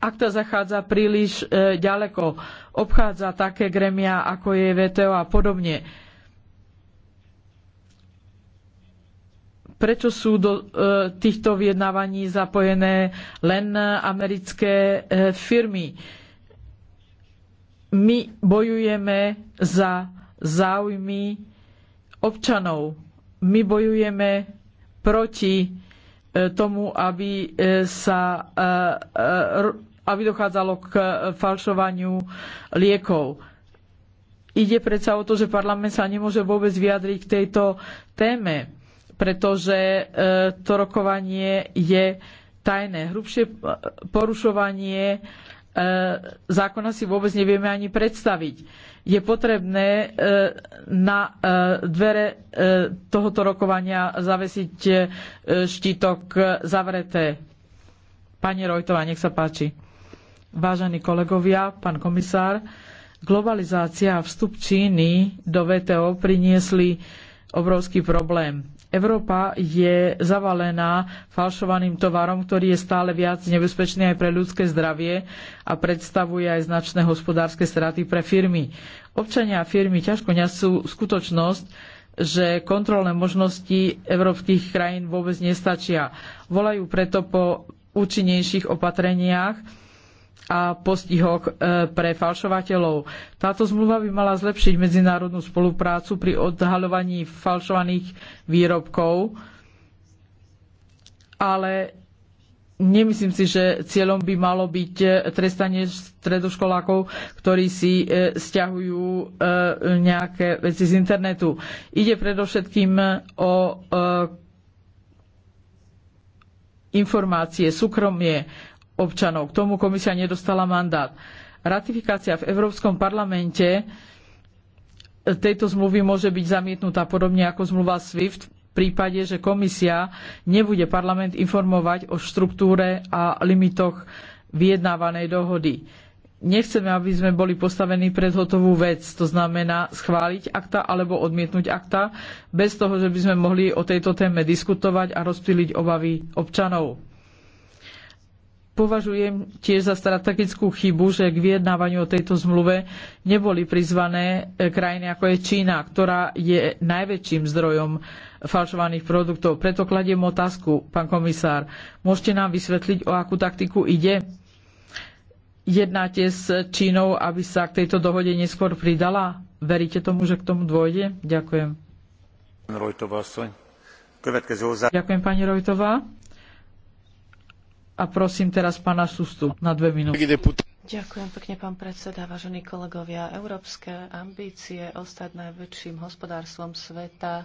ak to zachádza príliš e, ďaleko, obchádza také gremia, ako je VTO a podobne. Prečo sú do e, týchto vyjednávaní zapojené len americké e, firmy? My bojujeme za záujmy občanov. My bojujeme proti tomu, aby sa aby dochádzalo k e, falšovaniu liekov. Ide predsa o to, že parlament sa nemôže vôbec vyjadriť k tejto téme, pretože e, to rokovanie je tajné. Hrubšie e, porušovanie zákona si vôbec nevieme ani predstaviť. Je potrebné na dvere tohoto rokovania zavesiť štítok zavreté. Pani Rojtová, nech sa páči. Vážení kolegovia, pán komisár, globalizácia a vstup Číny do VTO priniesli obrovský problém. Európa je zavalená falšovaným tovarom, ktorý je stále viac nebezpečný aj pre ľudské zdravie a predstavuje aj značné hospodárske straty pre firmy. Občania a firmy ťažko nesú skutočnosť, že kontrolné možnosti európskych krajín vôbec nestačia. Volajú preto po účinnejších opatreniach, a postihoch e, pre falšovateľov. Táto zmluva by mala zlepšiť medzinárodnú spoluprácu pri odhaľovaní falšovaných výrobkov, ale nemyslím si, že cieľom by malo byť e, trestanie stredoškolákov, ktorí si e, stiahujú nejaké veci z internetu. Ide predovšetkým o informácie, súkromie, občanov. K tomu komisia nedostala mandát. Ratifikácia v Európskom parlamente tejto zmluvy môže byť zamietnutá podobne ako zmluva SWIFT v prípade, že komisia nebude parlament informovať o štruktúre a limitoch vyjednávanej dohody. Nechceme, aby sme boli postavení pred hotovú vec, to znamená schváliť akta alebo odmietnúť akta, bez toho, že by sme mohli o tejto téme diskutovať a rozptýliť obavy občanov. Považujem tiež za strategickú chybu, že k vyjednávaniu o tejto zmluve neboli prizvané e, krajiny ako je Čína, ktorá je najväčším zdrojom falšovaných produktov. Preto kladiem otázku, pán komisár, môžete nám vysvetliť, o akú taktiku ide? Jednáte s Čínou, aby sa k tejto dohode neskôr pridala? Veríte tomu, že k tomu dôjde? Ďakujem. Ďakujem, pani Rojtová. A prosím teraz pána Sustu na dve minúty. Ďakujem pekne, pán predseda, vážení kolegovia. Európske ambície ostať najväčším hospodárstvom sveta e,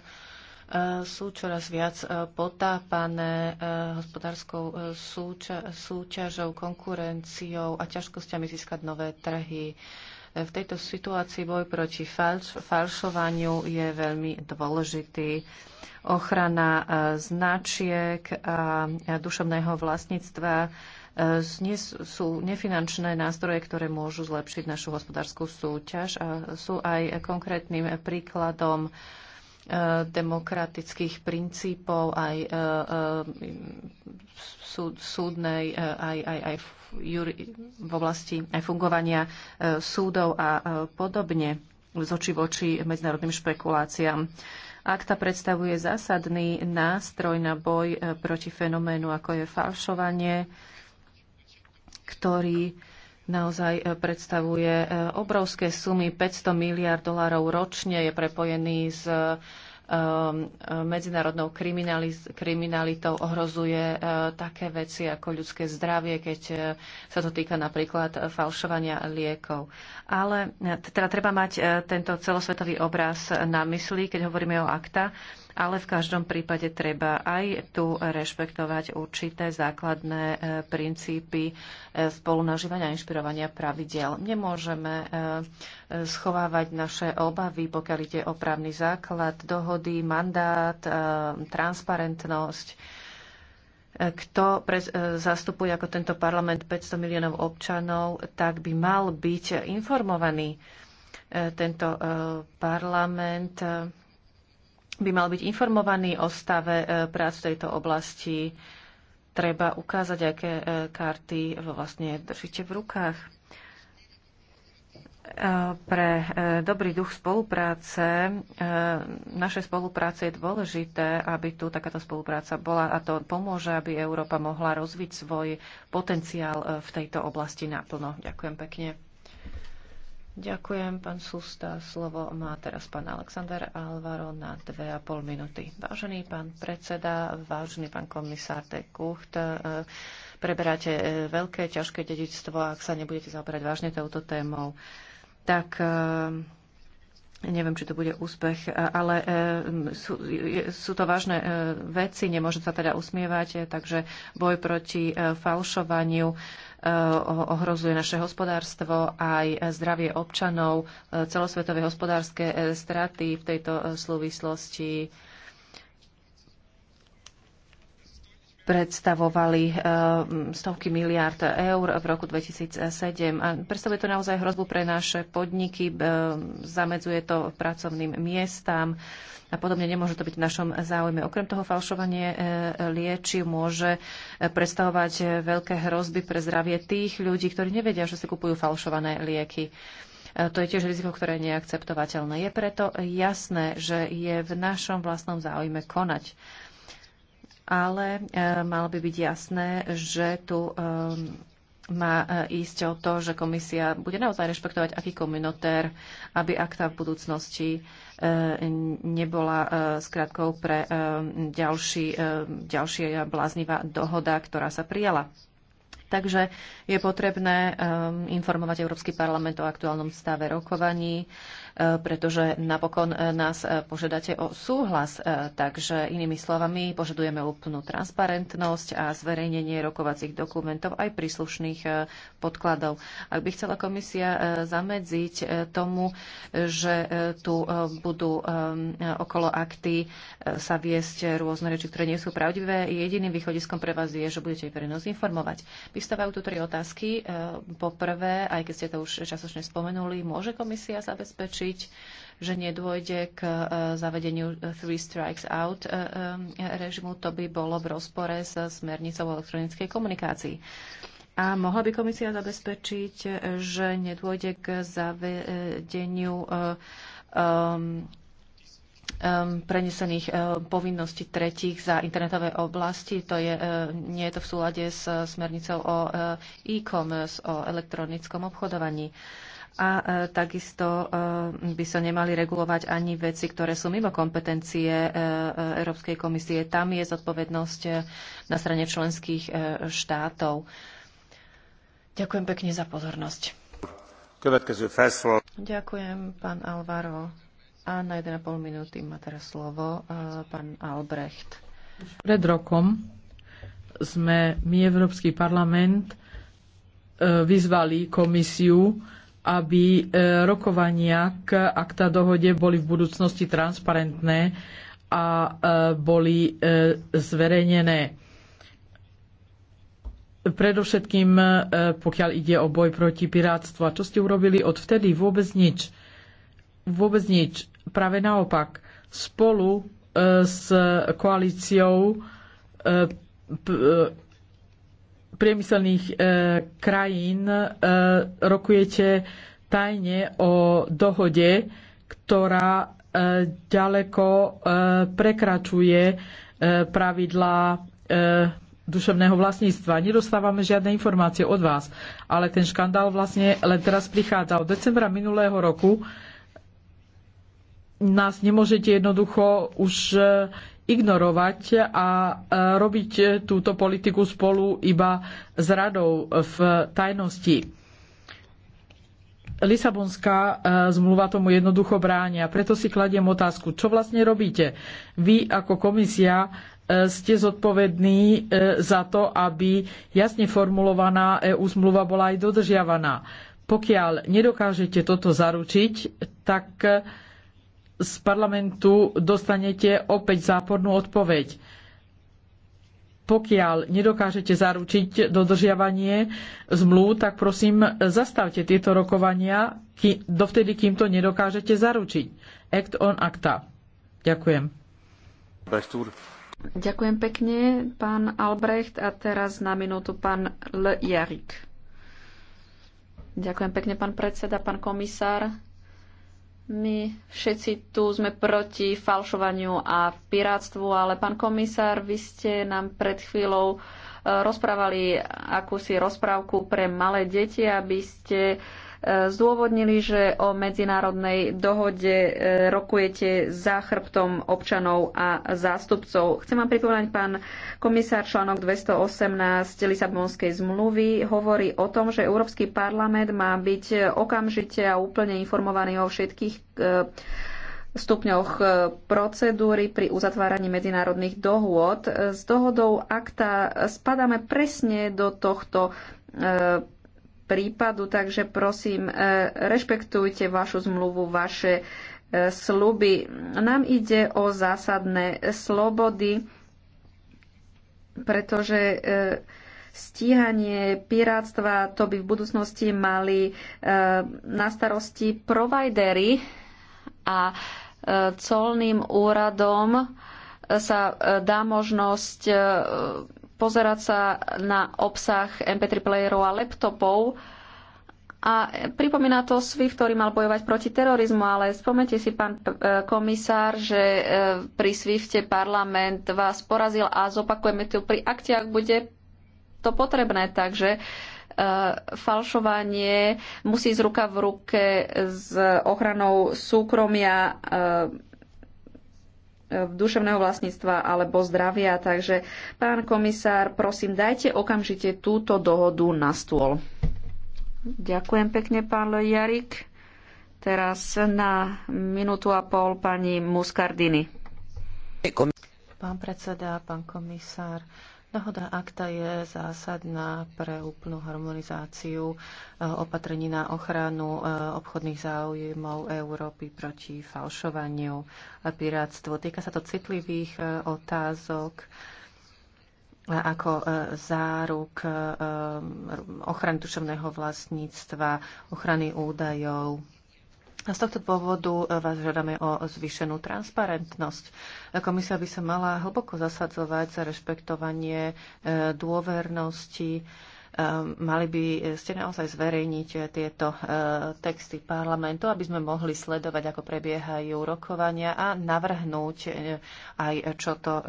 sú čoraz viac e, potápané e, hospodárskou súťažou, konkurenciou a ťažkosťami získať nové trhy. V tejto situácii boj proti falš- falšovaniu je veľmi dôležitý. Ochrana e, značiek a duševného vlastníctva e, sú nefinančné nástroje, ktoré môžu zlepšiť našu hospodárskú súťaž a sú aj konkrétnym príkladom Eh, demokratických princípov, aj eh, eh, súdnej, aj, aj, aj v oblasti aj fungovania súdov a podobne z oči voči medzinárodným špekuláciám. Akta predstavuje zásadný nástroj na boj proti fenoménu, ako je falšovanie, ktorý naozaj e, predstavuje e, obrovské sumy. 500 miliard dolárov ročne je prepojený s e, um, medzinárodnou kriminalitou ohrozuje také veci ako ľudské zdravie, keď sa to týka napríklad falšovania liekov. Ale teda treba mať tento celosvetový obraz na mysli, keď hovoríme o akta ale v každom prípade treba aj tu rešpektovať určité základné e, princípy e, spolunažívania a inšpirovania pravidel. Nemôžeme e, schovávať naše obavy, pokiaľ ide o právny základ, dohody, mandát, transparentnosť kto zastupuje ako tento parlament 500 miliónov občanov, tak by mal byť informovaný tento parlament by mal byť informovaný o stave e, prác v tejto oblasti. Treba ukázať, aké e, karty vlastne držíte v rukách. E, pre dobrý duch spolupráce, Naše spolupráce je dôležité, aby tu takáto spolupráca bola a to pomôže, aby Európa mohla rozviť svoj potenciál v tejto oblasti naplno. Ďakujem pekne. Ďakujem, pán Susta. Slovo má teraz pán Alexander Alvaro na dve a pol minúty. Vážený pán predseda, vážený pán komisár de Kucht, e, preberáte e, veľké, ťažké dedičstvo, ak sa nebudete zaoberať vážne touto témou, tak e, Neviem, či to bude úspech, ale sú, sú to vážne veci, nemôžem sa teda usmievať, takže boj proti falšovaniu Eh, ohrozuje naše hospodárstvo, aj zdravie občanov, eh, celosvetové hospodárske eh, straty v tejto súvislosti predstavovali stovky miliard eur v roku 2007. A predstavuje to naozaj hrozbu pre naše podniky, zamedzuje to pracovným miestam, a podobne. Nemôže to byť v našom záujme. Okrem toho falšovanie e, liečiv môže e, predstavovať e, veľké hrozby pre zdravie tých ľudí, ktorí nevedia, že si kupujú falšované lieky. To je tiež riziko, ktoré je neakceptovateľné. Je preto jasné, že je v našom vlastnom záujme konať. Ale e, malo by byť jasné, že tu e, má e, ísť o to, že komisia bude naozaj rešpektovať aký kominotér, aby akta v budúcnosti e, nebola e, skratkou pre ďalší, ďalšia bláznivá dohoda, ktorá sa prijala. Takže je potrebné ehm, informovať Európsky parlament o aktuálnom stave rokovaní, eh, pretože napokon eh, nás eh, požiadate o súhlas. Takže inými slovami, požadujeme úplnú transparentnosť a zverejnenie rokovacích dokumentov aj príslušných podkladov. Ak by chcela komisia zamedziť tomu, že tu budú ehm, okolo akty sa viesť rôzne reči, ktoré nie sú pravdivé, jediným východiskom pre vás je, že budete aj informovať. Vystávajú tu tri otázky. E, po prvé, aj keď ste to už časočne spomenuli, môže komisia zabezpečiť, že nedôjde k e, zavedeniu Three Strikes Out e, režimu? To by bolo v rozpore s smernicou elektronickej komunikácii. A mohla by komisia zabezpečiť, že nedôjde k zavedeniu um, um, prenesených uh, povinností tretích za internetové oblasti. To je, uh, nie je to v súlade s uh, smernicou o uh, e-commerce, o elektronickom obchodovaní. A e, takisto e, by sa nemali regulovať ani veci, ktoré sú mimo kompetencie e, Európskej komisie. Tam je zodpovednosť na strane členských e, štátov. Ďakujem pekne za pozornosť. Ďakujem, pán Alvaro. A na 1,5 minúty má teraz slovo e, pán Albrecht. Pred rokom sme my, Európsky parlament, e, vyzvali komisiu, aby e, rokovania k akta dohode boli v budúcnosti transparentné a boli zverejnené. Predovšetkým, pokiaľ ide o boj proti pirátstvu. A čo ste urobili od vtedy? Vôbec nič. Vôbec nič práve naopak. Spolu e, s koalíciou e, e, priemyselných krajín rokujete tajne o dohode, ktorá ďaleko prekračuje pravidlá duševného vlastníctva. Nedostávame žiadne informácie od vás, ale ten škandál vlastne len teraz prichádza. Od decembra minulého roku nás nemôžete jednoducho už e, ignorovať a e, robiť túto politiku spolu iba s radou v tajnosti. Lisabonská e, zmluva tomu jednoducho bráni a preto si kladiem otázku, čo vlastne robíte? Vy ako komisia ste zodpovední za to, aby jasne formulovaná EU zmluva bola aj dodržiavaná. Pokiaľ nedokážete toto zaručiť, tak z parlamentu dostanete opäť zápornú odpoveď. Pokiaľ nedokážete zaručiť dodržiavanie zmluv, tak prosím zastavte tieto rokovania ký, dovtedy, kým to nedokážete zaručiť. Act on acta. Ďakujem. Ďakujem pekne, pán Albrecht. A teraz na minútu pán L. Jarik. Ďakujem pekne, pán predseda, pán komisár. My všetci tu sme proti falšovaniu a pirátstvu, ale pán komisár, vy ste nám pred chvíľou eh, rozprávali akúsi rozprávku pre malé deti, aby ste uh, zdôvodnili, že o medzinárodnej dohode e, rokujete za chrbtom občanov a zástupcov. Chcem vám pripomínať, pán komisár, článok 218 Lisabonskej zmluvy hovorí o tom, že Európsky parlament má byť okamžite a úplne informovaný o všetkých e, stupňoch e, procedúry pri uzatváraní medzinárodných dohôd. S dohodou akta spadáme presne do tohto prípadu, takže prosím, e, rešpektujte vašu zmluvu, vaše e, sluby. Nám ide o zásadné slobody, pretože e, stíhanie pirátstva to by v budúcnosti mali na starosti providery a colným úradom sa dá možnosť pozerať sa na obsah MP3 playerov a laptopov. A pripomína to SWIFT, ktorý mal bojovať proti terorizmu, ale spomente si, pán eh, komisár, že eh, pri SWIFTe parlament vás porazil a zopakujeme to pri akte, ak bude to potrebné. Takže eh, falšovanie musí z ruka v ruke s ochranou súkromia duševného vlastníctva alebo zdravia. Takže, pán komisár, prosím, dajte okamžite túto dohodu na stôl. Ďakujem pekne, pán Jarik. Teraz na minútu a pol pani Muscardini. Pán predseda, pán komisár, Dohoda akta je zásadná pre úplnú harmonizáciu e, opatrení na ochranu e, obchodných záujmov Európy proti falšovaniu a pirátstvu. Týka sa to citlivých e, otázok ako záruk ochrany duševného vlastníctva, ochrany údajov, a z tohto dôvodu e, vás žiadame o zvýšenú transparentnosť. E, komisia by sa mala hlboko zasadzovať za rešpektovanie e, dôvernosti. Mali by ste naozaj zverejniť tieto texty parlamentu, aby sme mohli sledovať, ako prebiehajú rokovania a navrhnúť aj čo to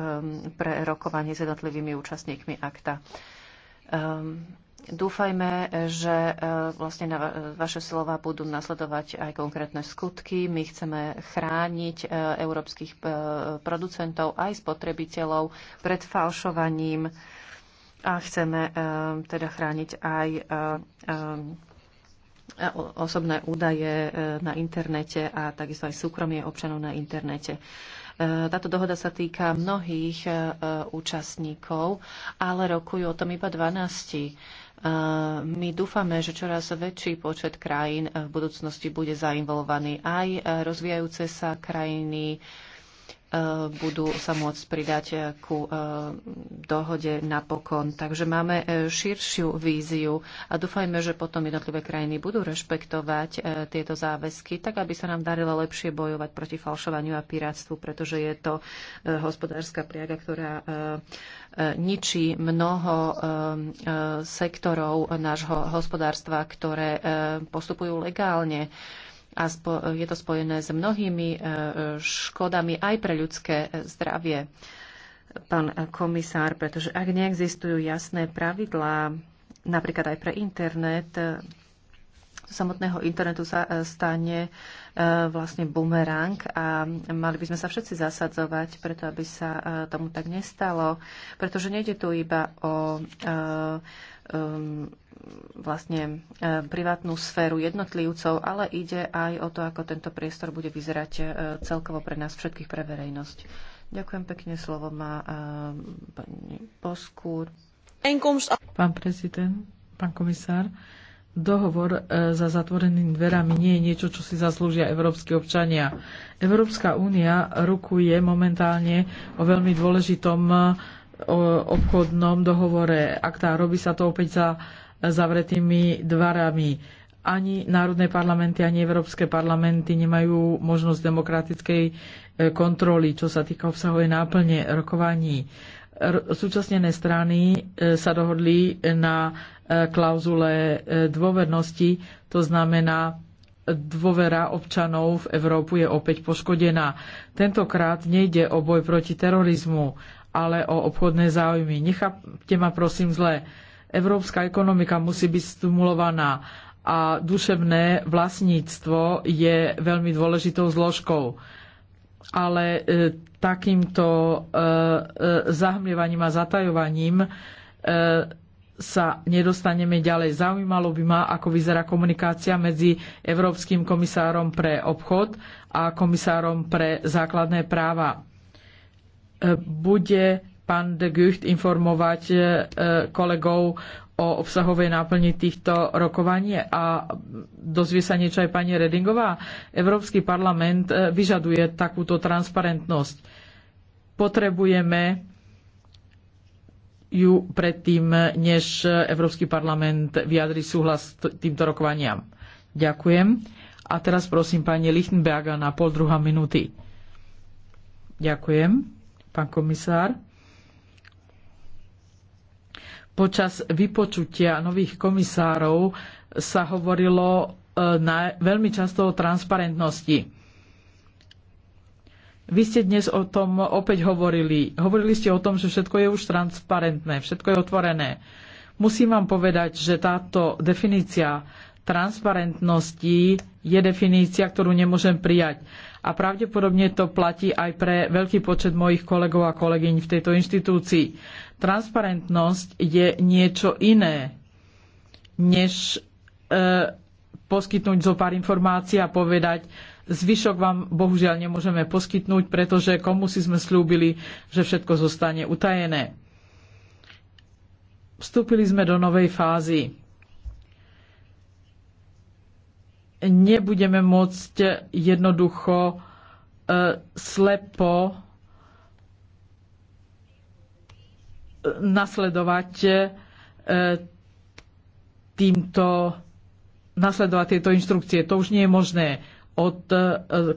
pre rokovanie s jednotlivými účastníkmi akta. Dúfajme, že e, vlastne na vaše slova budú nasledovať aj konkrétne skutky. My chceme chrániť e, európskych e, producentov aj spotrebiteľov pred falšovaním a chceme teda chrániť aj osobné údaje na internete a takisto aj súkromie občanov na internete. Táto dohoda sa týka mnohých účastníkov, ale rokujú o tom iba 12 my dúfame, že čoraz väčší počet krajín v budúcnosti bude zainvolovaný aj rozvíjajúce sa krajiny, Eh, budú sa môcť pridať eh, ku eh, dohode napokon. Takže máme širšiu víziu a dúfajme, že potom jednotlivé krajiny budú rešpektovať tieto záväzky, tak aby sa nám darilo lepšie bojovať proti falšovaniu a pirátstvu, pretože je to hospodárska priaga, ktorá ničí mnoho sektorov nášho hospodárstva, ktoré postupujú legálne a spo je to spojené s mnohými e, škodami aj pre ľudské zdravie, pán komisár, pretože ak neexistujú jasné pravidlá, napríklad aj pre internet, e, samotného internetu sa e, stane vlastne bumerang a mali by sme sa všetci zasadzovať, preto aby sa tomu tak nestalo, pretože nejde tu iba o Um, vlastne uh, privátnu sféru jednotlivcov, ale ide aj o to, ako tento priestor bude vyzerať uh, celkovo pre nás všetkých, pre verejnosť. Ďakujem pekne, slovo má uh, pani Poskúr. Pán prezident, pán komisár, dohovor za zatvorenými dverami nie je niečo, čo si zaslúžia európsky občania. Európska únia rukuje momentálne o veľmi dôležitom obchodnom dohovore tá Robí sa to opäť za zavretými dvarami. Ani národné parlamenty, ani európske parlamenty nemajú možnosť demokratickej e, kontroly, čo sa týka obsahovej náplne rokovaní. Súčasnené strany e, sa dohodli na e, klauzule dôvernosti, to znamená, dôvera občanov v Európu je opäť poškodená. Tentokrát nejde o boj proti terorizmu, ale o obchodné záujmy. Nechápte ma prosím zle. Európska ekonomika musí byť stimulovaná a duševné vlastníctvo je veľmi dôležitou zložkou. Ale e, takýmto e, e, zahmlievaním a zatajovaním e, sa nedostaneme ďalej. Zaujímalo by ma, ako vyzerá komunikácia medzi Európskym komisárom pre obchod a komisárom pre základné práva bude pán de Gucht informovať e, kolegov o obsahovej náplni týchto rokovaní a dozvie sa niečo aj pani Redingová. Európsky parlament e, vyžaduje takúto transparentnosť. Potrebujeme ju predtým, než Európsky parlament vyjadri súhlas s týmto rokovaniam. Ďakujem. A teraz prosím pani Lichtenberga na pol druhá minúty. Ďakujem pán komisár. Počas vypočutia nových komisárov sa hovorilo e, na, veľmi často o transparentnosti. Vy ste dnes o tom opäť hovorili. Hovorili ste o tom, že všetko je už transparentné, všetko je otvorené. Musím vám povedať, že táto definícia transparentnosti je definícia, ktorú nemôžem prijať. A pravdepodobne to platí aj pre veľký počet mojich kolegov a kolegyň v tejto inštitúcii. Transparentnosť je niečo iné, než e, poskytnúť zo pár informácií a povedať, zvyšok vám bohužiaľ nemôžeme poskytnúť, pretože komu si sme slúbili, že všetko zostane utajené. Vstúpili sme do novej fázy nebudeme môcť jednoducho e, slepo e, nasledovať e, týmto nasledovať tieto inštrukcie. To už nie je možné od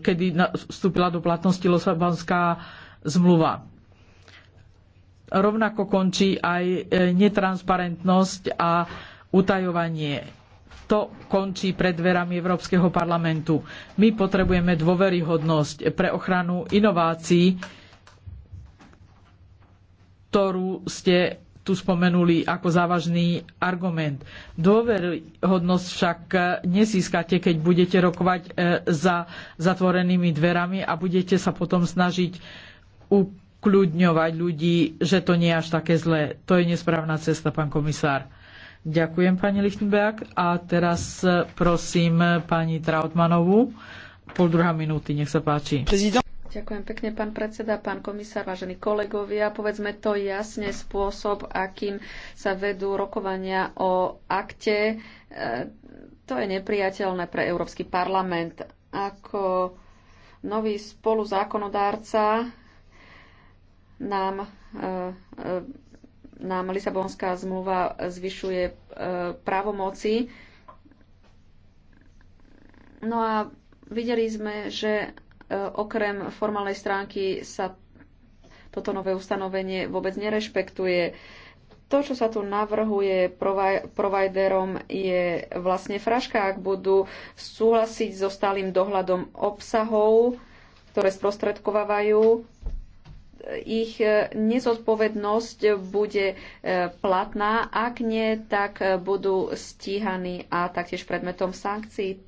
kedy vstúpila do platnosti Losabanská zmluva. Rovnako končí aj netransparentnosť a utajovanie to končí pred dverami Európskeho parlamentu. My potrebujeme dôveryhodnosť pre ochranu inovácií, ktorú ste tu spomenuli ako závažný argument. Dôveryhodnosť však nezískate, keď budete rokovať e, za zatvorenými dverami a budete sa potom snažiť ukľudňovať ľudí, že to nie je až také zlé. To je nesprávna cesta, pán komisár. Ďakujem, pani Lichtenberg. A teraz eh, prosím eh, pani Trautmanovú. Pol druhá minúty, nech sa páči. Prezident. Ďakujem pekne, pán predseda, pán komisár, vážení kolegovia. Povedzme to jasne, spôsob, akým sa vedú rokovania o akte, eh, to je nepriateľné pre Európsky parlament. Ako nový spoluzákonodárca nám nám Lisabonská zmluva zvyšuje e, právomoci. No a videli sme, že e, okrem formálnej stránky sa toto nové ustanovenie vôbec nerešpektuje. To, čo sa tu navrhuje providerom, je vlastne fraška, ak budú súhlasiť so stálym dohľadom obsahov, ktoré sprostredkovávajú ich e, nezodpovednosť bude e, platná. Ak nie, tak e, budú stíhaní a taktiež predmetom sankcií.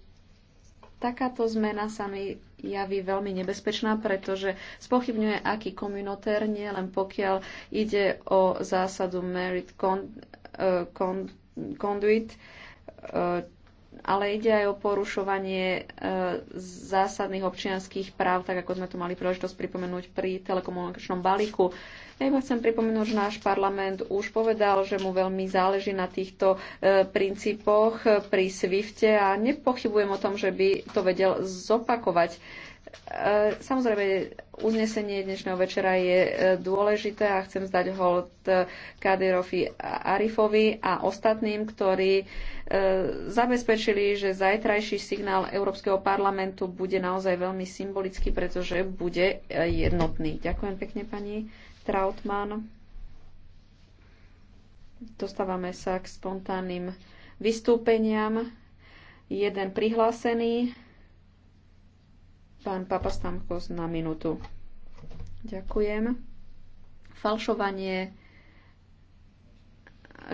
Takáto zmena sa mi javí veľmi nebezpečná, pretože spochybňuje aký komunotér, nie len pokiaľ ide o zásadu merit conduit, ale ide aj o porušovanie e, zásadných občianských práv, tak ako sme to mali príležitosť pripomenúť pri telekomunikačnom balíku. Ja iba chcem pripomenúť, že náš parlament už povedal, že mu veľmi záleží na týchto e, princípoch pri Swifte a nepochybujem o tom, že by to vedel zopakovať. E, samozrejme, uznesenie dnešného večera je e, dôležité a chcem zdať hold e, Kadirovi Arifovi a ostatným, ktorí zabezpečili, že zajtrajší signál Európskeho parlamentu bude naozaj veľmi symbolický, pretože bude jednotný. Ďakujem pekne, pani Trautmann. Dostávame sa k spontánnym vystúpeniam. Jeden prihlásený Pán Stankos na minútu. Ďakujem. Falšovanie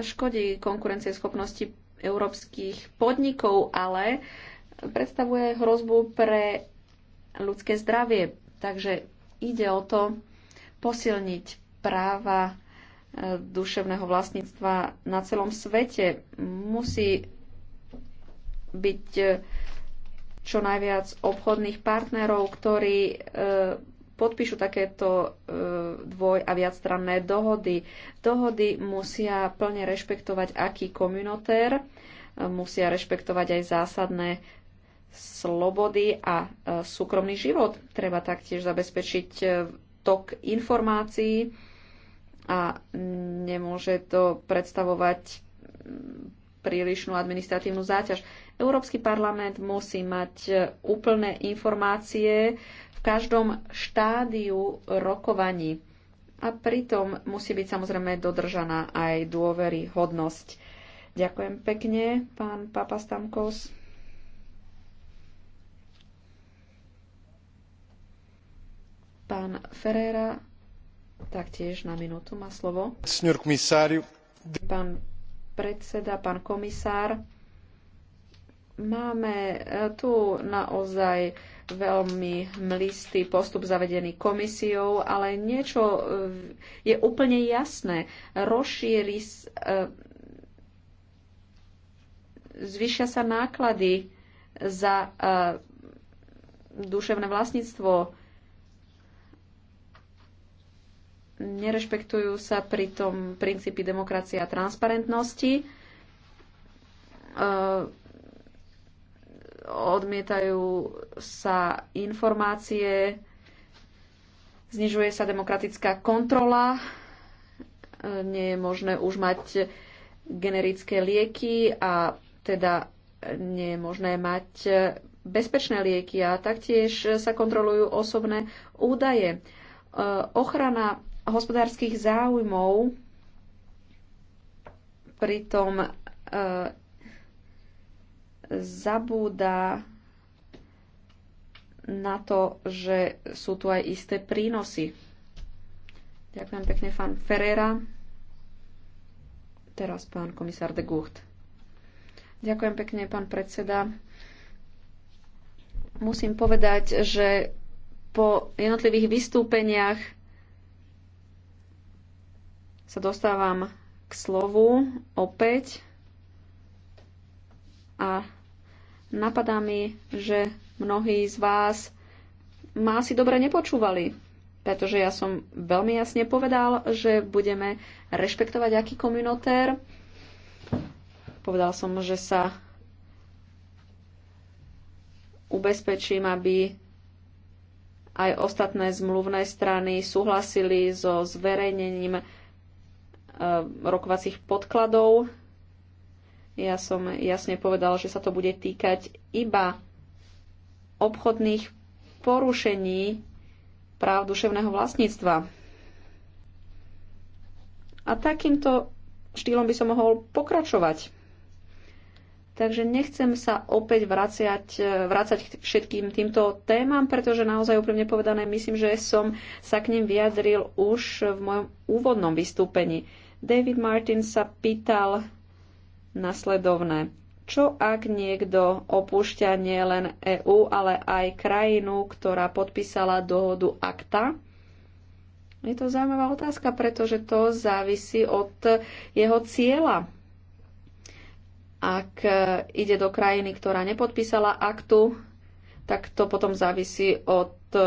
škodí konkurencieschopnosti európskych podnikov, ale predstavuje hrozbu pre ľudské zdravie. Takže ide o to posilniť práva e, duševného vlastníctva na celom svete. Musí byť e, čo najviac obchodných partnerov, ktorí e, podpíšu takéto e, dvoj- a viacstranné dohody. Dohody musia plne rešpektovať aký komunotér, e, musia rešpektovať aj zásadné slobody a súkromný život. Treba taktiež zabezpečiť tok informácií a nemôže to predstavovať prílišnú administratívnu záťaž. Európsky parlament musí mať e, úplné informácie v každom štádiu rokovaní. A pritom musí byť samozrejme dodržaná aj dôveryhodnosť. Ďakujem pekne, pán Papa Stamkos. Pán Ferreira taktiež na minútu má slovo. Pán predseda, pán komisár. Máme e, tu naozaj veľmi mlistý postup zavedený komisiou, ale niečo e, je úplne jasné. Rozšíri, e, zvyšia sa náklady za duševné vlastníctvo nerešpektujú sa tom princípy demokracie a transparentnosti, ehm, odmietajú sa informácie, znižuje sa demokratická kontrola, ehm, nie je možné už mať generické lieky a teda nie je možné mať bezpečné lieky a taktiež sa kontrolujú osobné údaje. Ehm, ochrana hospodárskych záujmov, pritom e, zabúda na to, že sú tu aj isté prínosy. Ďakujem pekne, pán Ferreira. Teraz pán komisár de Gucht. Ďakujem pekne, pán predseda. Musím povedať, že po jednotlivých vystúpeniach sa dostávam k slovu opäť a napadá mi, že mnohí z vás ma asi dobre nepočúvali, pretože ja som veľmi jasne povedal, že budeme rešpektovať aký komunotér. Povedal som, že sa ubezpečím, aby aj ostatné zmluvné strany súhlasili so zverejnením Eh, rokovacích podkladov. Ja som jasne povedala, že sa to bude týkať iba obchodných porušení práv duševného vlastníctva. A takýmto štýlom by som mohol pokračovať. Takže nechcem sa opäť vraciať, eh, vrácať k všetkým týmto témam, pretože naozaj úprimne povedané, myslím, že som sa k ním vyjadril už v mojom úvodnom vystúpení. David Martin sa pýtal nasledovné. Čo ak niekto opúšťa nielen EÚ, ale aj krajinu, ktorá podpísala dohodu akta? Je to zaujímavá otázka, pretože to závisí od jeho cieľa. Ak ide do krajiny, ktorá nepodpísala aktu, tak to potom závisí od eh,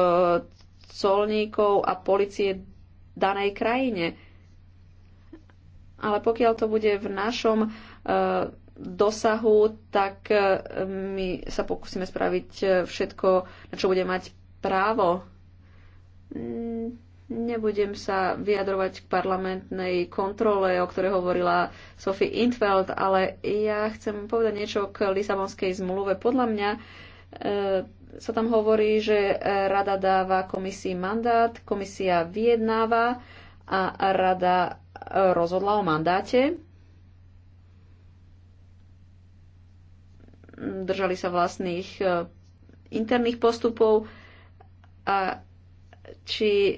colníkov a policie danej krajine ale pokiaľ to bude v našom e, dosahu, tak e, my sa pokúsime spraviť e, všetko, na čo bude mať právo. Mm, nebudem sa vyjadrovať k parlamentnej kontrole, o ktorej hovorila Sophie Intveld, ale ja chcem povedať niečo k Lisabonskej zmluve. Podľa mňa e, sa tam hovorí, že rada dáva komisii mandát, komisia vyjednáva a rada rozhodla o mandáte. Držali sa vlastných e, interných postupov a či e,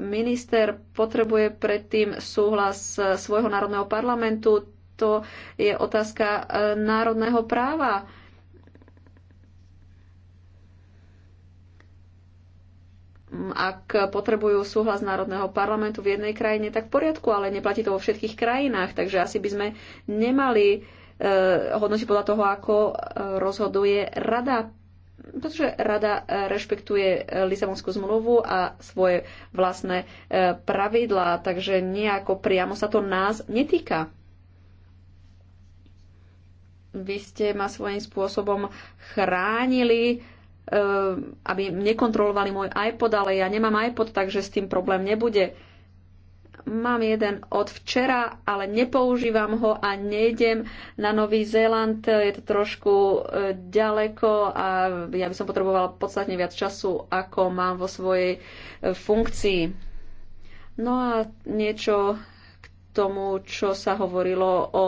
minister potrebuje predtým súhlas e, svojho národného parlamentu, to je otázka národného práva ak potrebujú súhlas Národného parlamentu v jednej krajine, tak v poriadku, ale neplatí to vo všetkých krajinách, takže asi by sme nemali e, hodnotiť podľa toho, ako e, rozhoduje rada pretože rada e, rešpektuje Lisabonskú zmluvu a svoje vlastné pravidlá, takže nejako priamo sa to nás netýka. Vy ste ma svojím spôsobom chránili Eh, aby nekontrolovali môj iPod, ale ja nemám iPod, takže s tým problém nebude. Mám jeden od včera, ale nepoužívam ho a nejdem na Nový Zéland. Je to trošku eh, ďaleko a ja by som potrebovala podstatne viac času, ako mám vo svojej eh, funkcii. No a niečo tomu, čo sa hovorilo o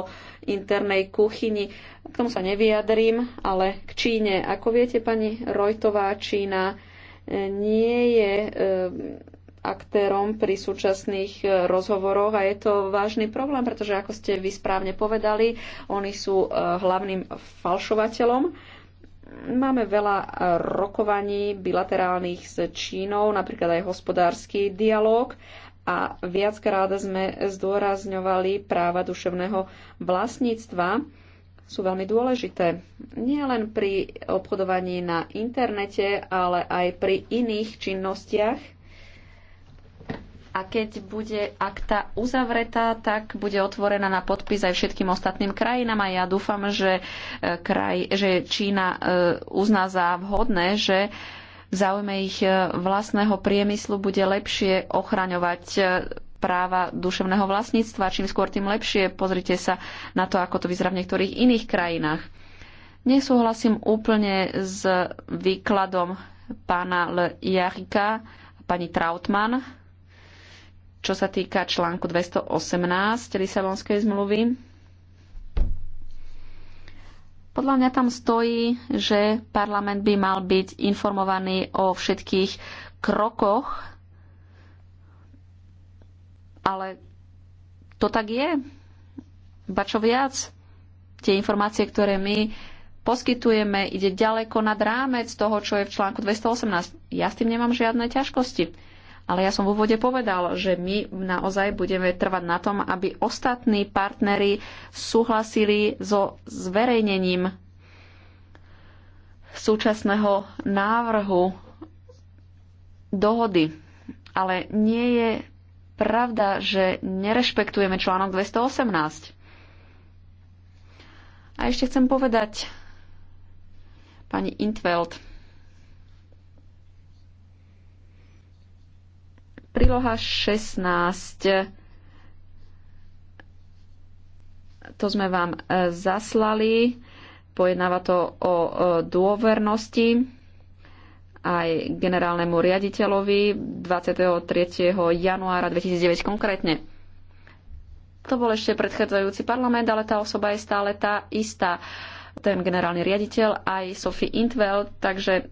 internej kuchyni. K tomu sa nevyjadrím, ale k Číne. Ako viete, pani Rojtová, Čína e, nie je e, aktérom pri súčasných e, rozhovoroch a je to vážny problém, pretože ako ste vy správne povedali, oni sú hlavným falšovateľom. Máme veľa rokovaní bilaterálnych s Čínou, napríklad aj hospodársky dialog a viackrát sme zdôrazňovali práva duševného vlastníctva. Sú veľmi dôležité. Nie len pri obchodovaní na internete, ale aj pri iných činnostiach. A keď bude akta uzavretá, tak bude otvorená na podpis aj všetkým ostatným krajinám a ja dúfam, že, eh, kraj, že Čína eh, uzná za vhodné, že v záujme ich e, vlastného priemyslu bude lepšie ochraňovať e, práva duševného vlastníctva. Čím skôr, tým lepšie. Pozrite sa na to, ako to vyzerá v niektorých iných krajinách. Nesúhlasím úplne s výkladom pána L. Jarika a pani Trautmann, čo sa týka článku 218 Lisabonskej zmluvy podľa mňa tam stojí, že parlament by mal byť informovaný o všetkých krokoch, ale to tak je. Ba čo viac, tie informácie, ktoré my poskytujeme, ide ďaleko nad rámec toho, čo je v článku 218. Ja s tým nemám žiadne ťažkosti ale ja som v úvode povedal, že my naozaj budeme trvať na tom, aby ostatní partnery súhlasili so zverejnením súčasného návrhu dohody. Ale nie je pravda, že nerešpektujeme článok 218. A ešte chcem povedať pani Intveld, Príloha 16. To sme vám e, zaslali. Pojednáva to o e, dôvernosti aj generálnemu riaditeľovi 23. januára 2009 konkrétne. To bol ešte predchádzajúci parlament, ale tá osoba je stále tá istá ten generálny riaditeľ, aj Sophie Intveld, takže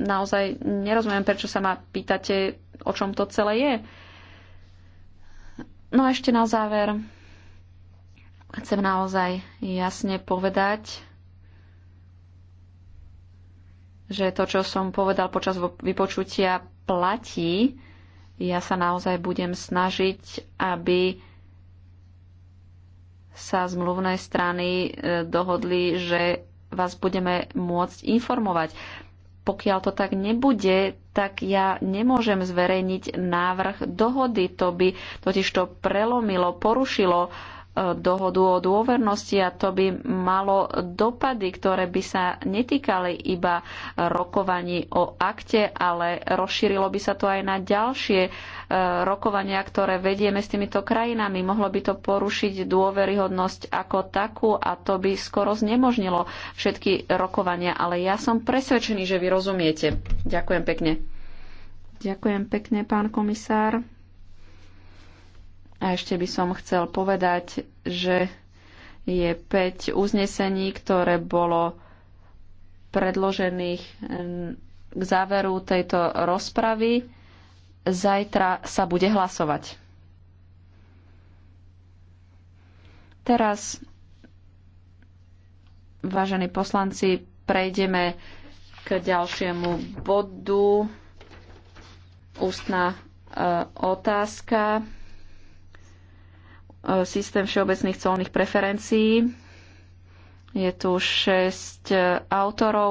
naozaj nerozumiem, prečo sa ma pýtate o čom to celé je. No a ešte na záver chcem naozaj jasne povedať, že to, čo som povedal počas vypočutia, platí. Ja sa naozaj budem snažiť, aby sa z mluvnej strany e, dohodli, že vás budeme môcť informovať pokiaľ to tak nebude, tak ja nemôžem zverejniť návrh dohody. To by totiž to prelomilo, porušilo dohodu o dôvernosti a to by malo dopady, ktoré by sa netýkali iba rokovaní o akte, ale rozšírilo by sa to aj na ďalšie e, rokovania, ktoré vedieme s týmito krajinami. Mohlo by to porušiť dôveryhodnosť ako takú a to by skoro znemožnilo všetky rokovania, ale ja som presvedčený, že vy rozumiete. Ďakujem pekne. Ďakujem pekne, pán komisár. A ešte by som chcel povedať, že je 5 uznesení, ktoré bolo predložených mm, k záveru tejto rozpravy. Zajtra sa bude hlasovať. Teraz, vážení poslanci, prejdeme k ďalšiemu bodu. Ústna e, otázka. Eh, systém všeobecných colných preferencií. Je tu 6 eh, autorov